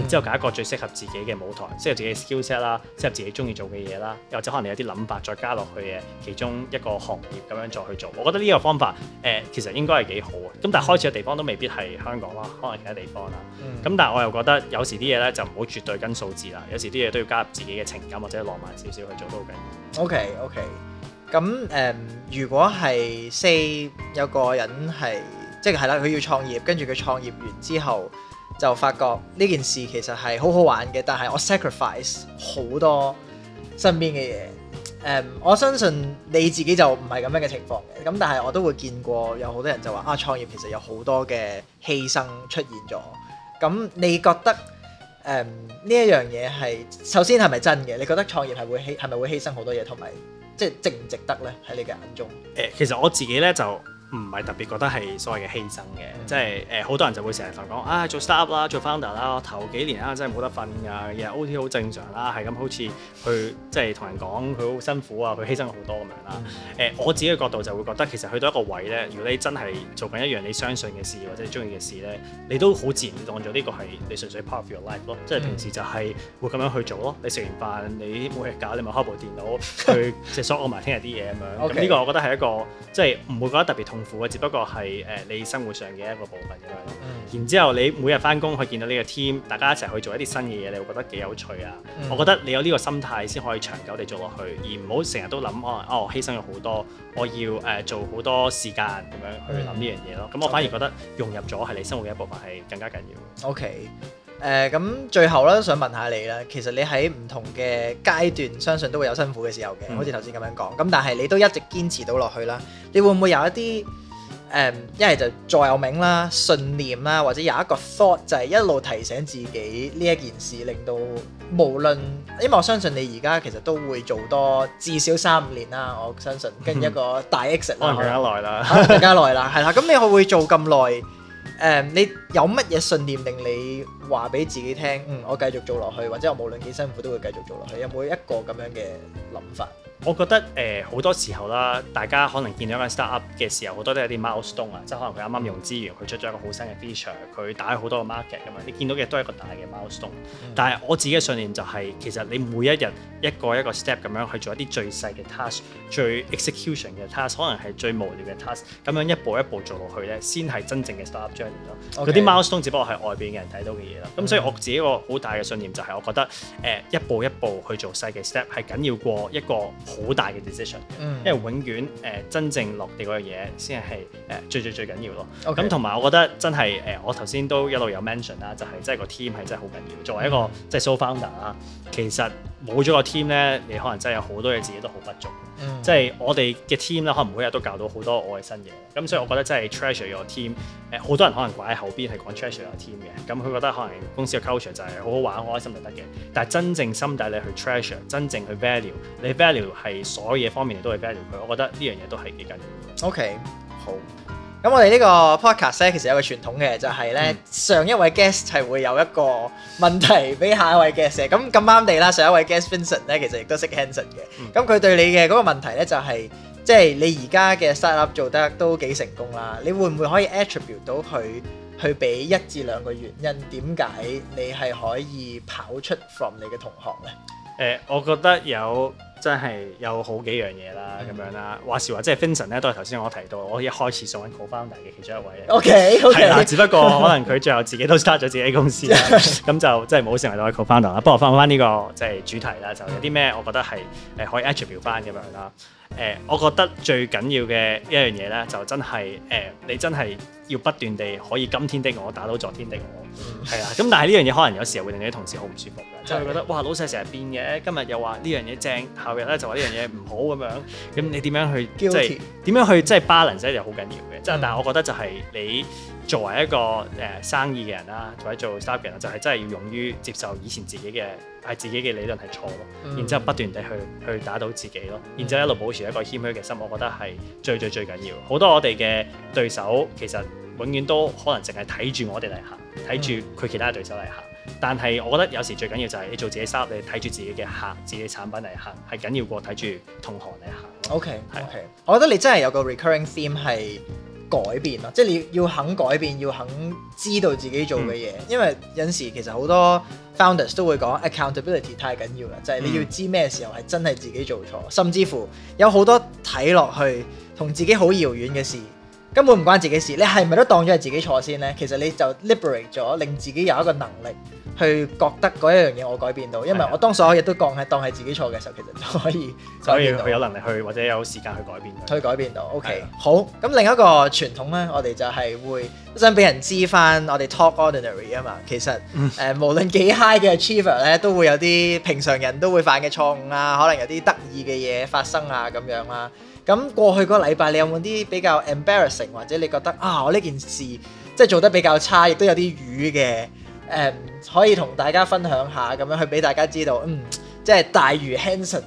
然之後揀一個最適合自己嘅舞台，適合自己嘅 skill set 啦，適合自己中意做嘅嘢啦，又或者可能你有啲諗法再加落去嘅其中一個行業咁樣再去做。我覺得呢個方法誒、呃，其實應該係幾好啊。咁但係開始嘅地方都未必係香港啦，可能其他地方啦。咁、嗯、但係我又覺得有時啲嘢咧就唔好絕對跟數字啦，有時啲嘢。都要加入自己嘅情感或者浪漫少少去做到嘅。OK OK。咁誒，如果係 say 有個人係即係係啦，佢、就是、要創業，跟住佢創業完之後就發覺呢件事其實係好好玩嘅，但係我 sacrifice 好多身邊嘅嘢。誒、um,，我相信你自己就唔係咁樣嘅情況嘅，咁但係我都會見過有好多人就話啊創業其實有好多嘅犧牲出現咗。咁你覺得？誒呢、um, 一樣嘢係首先係咪真嘅？你覺得創業係會犧係咪會犧牲好多嘢，同埋即係值唔值得咧？喺你嘅眼中誒，其實我自己咧就。唔係特別覺得係所謂嘅犧牲嘅，嗯、即係誒好多人就會成日就講，唉做 start 啦，做, up, 做 founder 啦、啊，頭幾年啊真係冇得瞓㗎，日 O T 好正常啦，係咁好似去即係同人講佢好辛苦啊，佢犧牲好多咁樣啦。誒、嗯呃、我自己嘅角度就會覺得其實去到一個位咧，如果你真係做緊一樣你相信嘅事或者你中意嘅事咧，你都好自然當咗呢個係你純粹 part of your life 咯，即係平時就係會咁樣去做咯、嗯。你食完飯你冇嘢搞，你咪開部電腦 去即刻安排聽日啲嘢咁樣咁呢個我覺得係一個即係唔會覺得特別痛。只不過係誒、呃、你生活上嘅一個部分嘅。嗯、然之後你每日翻工去見到呢個 team，大家一齊去做一啲新嘅嘢，你會覺得幾有趣啊！嗯、我覺得你有呢個心態先可以長久地做落去，而唔好成日都諗可能哦犧牲咗好多，我要誒、呃、做好多時間咁樣、嗯、去諗呢樣嘢咯。咁、嗯、我反而 okay. 覺得融入咗係你生活嘅一部分係更加緊要嘅 OK。誒咁、呃、最後咧，想問下你啦。其實你喺唔同嘅階段，相信都會有辛苦嘅時候嘅，好似頭先咁樣講。咁但係你都一直堅持到落去啦。你會唔會有一啲誒，一、呃、係就座右銘啦、信念啦，或者有一個 thought 就係一路提醒自己呢一件事，令到無論因為我相信你而家其實都會做多至少三五年啦。我相信跟住一個大 exit，、嗯、能更加耐啦，更加耐啦，係啦。 咁你會唔會做咁耐？誒，um, 你有乜嘢信念令你話俾自己聽？嗯，我繼續做落去，或者我無論幾辛苦都會繼續做落去，有冇一個咁樣嘅諗法？我覺得誒好、呃、多時候啦，大家可能見到一間 startup 嘅時候，好多都係啲 milestone 啊，即係可能佢啱啱用資源，去出咗一個好新嘅 feature，佢打開好多個 market 咁嘛，你見到嘅都係一個大嘅 milestone。但係我自己嘅信念就係、是，其實你每一日一個一個 step 咁樣去做一啲最細嘅 task，最 execution 嘅 task，可能係最無聊嘅 task，咁樣一步一步做落去咧，先係真正嘅 startup journey 咯。嗰 Okay .啲 milestone 只不過係外邊嘅人睇到嘅嘢啦。咁所以我自己一個好大嘅信念就係、是，我覺得誒、呃、一步一步去做細嘅 step 係緊要過一個。好大嘅 decision，因為永遠誒、呃、真正落地嗰樣嘢先係誒最最最緊要咯。咁同埋我覺得真係誒、呃，我頭先都一路有 mention 啦、就是，就係即係個 team 係真係好緊要。作為一個、嗯、即係 sole founder 啊，其實。冇咗個 team 咧，你可能真係有好多嘢自己都好不足。嗯、即係我哋嘅 team 咧，可能每日都教到好多我嘅新嘢。咁所以，我覺得真係 treasure 個 team。誒，好多人可能掛喺後邊係講 treasure 個 team 嘅。咁佢覺得可能公司嘅 culture 就係好好玩、好開心就得嘅。但係真正心底你去 treasure，真正去 value，你 value 係所有嘢方面你都去 value 佢。我覺得呢樣嘢都係幾緊要。OK，好。咁我哋呢個 podcast 咧，其實有個傳統嘅，就係咧，上一位 guest 係會有一個問題俾下一位 guest 嘅。咁咁啱地啦，上一位 guest Vincent 咧，其實亦都識 Henson 嘅。咁佢對你嘅嗰個問題咧，就是，就係即係你而家嘅 startup 做得都幾成功啦。你會唔會可以 attribute 到佢去俾一至兩個原因，點解你係可以跑出 from 你嘅同學咧？誒、呃，我覺得有。真係有好幾樣嘢啦，咁、mm hmm. 樣啦，話時話，即係 Henson 咧，都係頭先我提到，我一開始想揾 cofounder 嘅其中一位。OK，係 okay. 啦，只不過可能佢最後自己都 start 咗自己公司啦，咁 就真係冇成為到 cofounder 啦。不過返返呢個即係、就是、主題啦，就有啲咩我覺得係誒可以 attribute 翻咁樣啦。誒、呃，我覺得最緊要嘅一樣嘢咧，就真係誒、呃，你真係要不斷地可以今天的我打到昨天的我，係啦。咁 但係呢樣嘢可能有時候會令你啲同事好唔舒服嘅，即、就、係、是、覺得的哇，老細成日變嘅，今日又話呢樣嘢正，後日咧就話呢樣嘢唔好咁樣。咁你點樣去即係點樣去即係 balance 咧又好緊要嘅。即係 但係我覺得就係你作為一個誒生意嘅人啦，或者做 startup 嘅人，就係、是、真係要勇於接受以前自己嘅。係自己嘅理論係錯咯，然之後不斷地去去打倒自己咯，嗯、然之後一路保持一個謙虛嘅心，我覺得係最最最緊要。好多我哋嘅對手其實永遠都可能淨係睇住我哋嚟行，睇住佢其他對手嚟行。但係我覺得有時最緊要就係你做自己衫，你睇住自己嘅客、自己產品嚟行，係緊要過睇住同行嚟行。OK，OK，係。Okay. 我覺得你真係有個 recurring theme 係。改變咯，即係你要肯改變，要肯知道自己做嘅嘢。嗯、因為有時其實好多 founders 都會講 accountability 太緊要啦，就係你要知咩時候係真係自己做錯，甚至乎有好多睇落去同自己好遙遠嘅事。根本唔關自己事，你係咪都當咗係自己錯先呢？其實你就 liberate 咗，令自己有一個能力去覺得嗰一樣嘢我改變到，因為我當所有嘢都當係當係自己錯嘅時候，其實就可以就 可以去有能力去或者有時間去改變佢。改變到，OK。 好，咁另一個傳統呢，我哋就係會想俾人知翻，我哋 talk ordinary 啊嘛。其實誒、呃，無論幾 high 嘅 achiever 咧，都會有啲平常人都會犯嘅錯誤啊，可能有啲得意嘅嘢發生啊，咁樣啊。咁過去個禮拜，你有冇啲比較 embarrassing，或者你覺得啊，我呢件事即係做得比較差，亦都有啲瘀嘅，誒、嗯、可以同大家分享下，咁樣去俾大家知道，嗯，即係大魚 Henson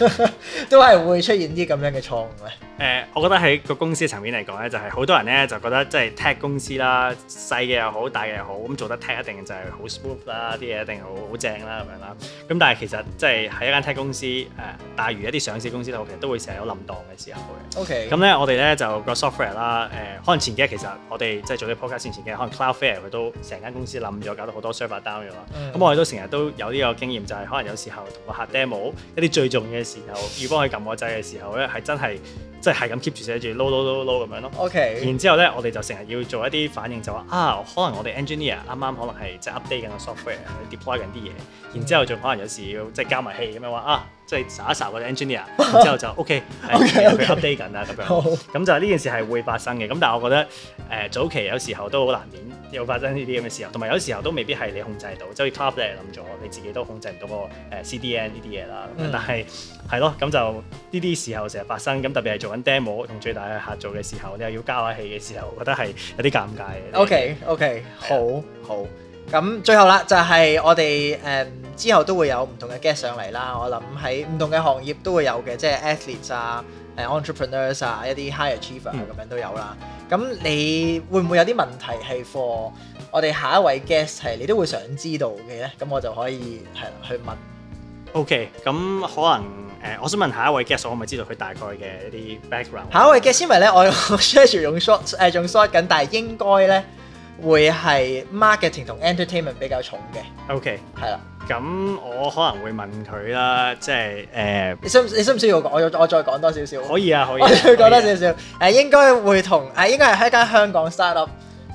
都係會出現啲咁樣嘅錯誤啊！誒，我覺得喺個公司層面嚟講咧，就係、是、好多人咧就覺得即係 Tech 公司啦，細嘅又好，大嘅又好，咁做得 Tech 一定就係好 smooth 啦，啲嘢一定好好正啦咁樣啦。咁但係其實即係喺一間 Tech 公司誒、呃，大如一啲上市公司咧，都好其實都會成日有冧檔嘅時候嘅。OK。咁咧，我哋咧就個 software 啦，誒、呃，可能前幾日其實我哋即係做啲 podcast 前嘅，可能 Cloudflare 佢都成間公司冧咗，搞到好多 server down 咗。咁、mm hmm. 我哋都成日都有呢個經驗，就係、是、可能有時候同個客 demo 一啲最重要嘅時候，要幫佢撳個掣嘅時候咧，係真係。真即係咁 keep 住寫住 low low low low 咁樣咯。OK。然之後咧，我哋就成日要做一啲反應，就話啊，可能我哋 engineer 啱啱可能係即係 update 緊個 software，deploy 緊啲嘢。然之後仲可能有時要即係加埋氣咁樣話啊。即係撒一撒嗰啲 engineer，之後就 OK 係 update 緊啊咁樣，咁好就係呢件事係會發生嘅。咁但係我覺得誒、呃、早期有時候都好難免有發生呢啲咁嘅時候，同埋有時候都未必係你控制到，即係 top 咧諗咗，你自己都控制唔到個誒 CDN 呢啲嘢啦。但係係咯，咁、嗯、就呢啲時候成日發生，咁特別係做緊 demo 同最大嘅客做嘅時候，你又要加下戲嘅時候，我覺得係有啲尷尬嘅。OK OK，好、嗯、好。好好好好咁最後啦，就係我哋誒之後都會有唔同嘅 guest 上嚟啦。我諗喺唔同嘅行業都會有嘅，即係 athletes 啊，誒 entrepreneurs 啊，一啲 high achiever 咁樣都有啦。咁你會唔會有啲問題係 for 我哋下一位 guest 係你都會想知道嘅咧？咁我就可以係去問。OK，咁可能誒，我想問下一位 guest，我可唔可以知道佢大概嘅一啲 background。下一位 guest 先咪咧，我 share 用 shot 誒、呃，用 shot 緊，但係應該咧。會係 marketing 同 entertainment 比較重嘅。O K，係啦。咁我可能會問佢啦，即係誒，呃、你需唔你需唔需要我我，我再講多少少？可以啊，可以、啊。我再講多少少誒，應該會同誒，應該係喺間香港 startup 誒、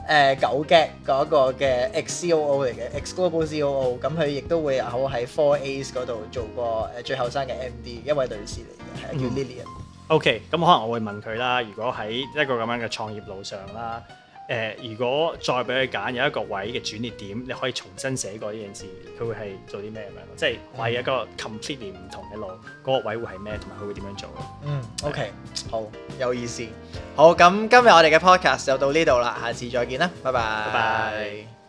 呃、9GAG 嗰個嘅 ex C、X、O O 嚟嘅，ex global coo 咁佢亦都會好喺 Four As 嗰度做過誒最後生嘅 M D 一位女士嚟嘅，係、嗯、叫 Lillian。O K，咁可能我會問佢啦，如果喺一個咁樣嘅創業路上啦。誒，如果再俾佢揀，有一個位嘅轉捩點，你可以重新寫過呢件事，佢會係做啲咩咁樣？即係為一個 completely 唔同嘅路，嗰、嗯、個位會係咩？同埋佢會點樣做？嗯，OK，嗯好有意思。好，咁今日我哋嘅 podcast 就到呢度啦，下次再見啦，拜拜。拜拜。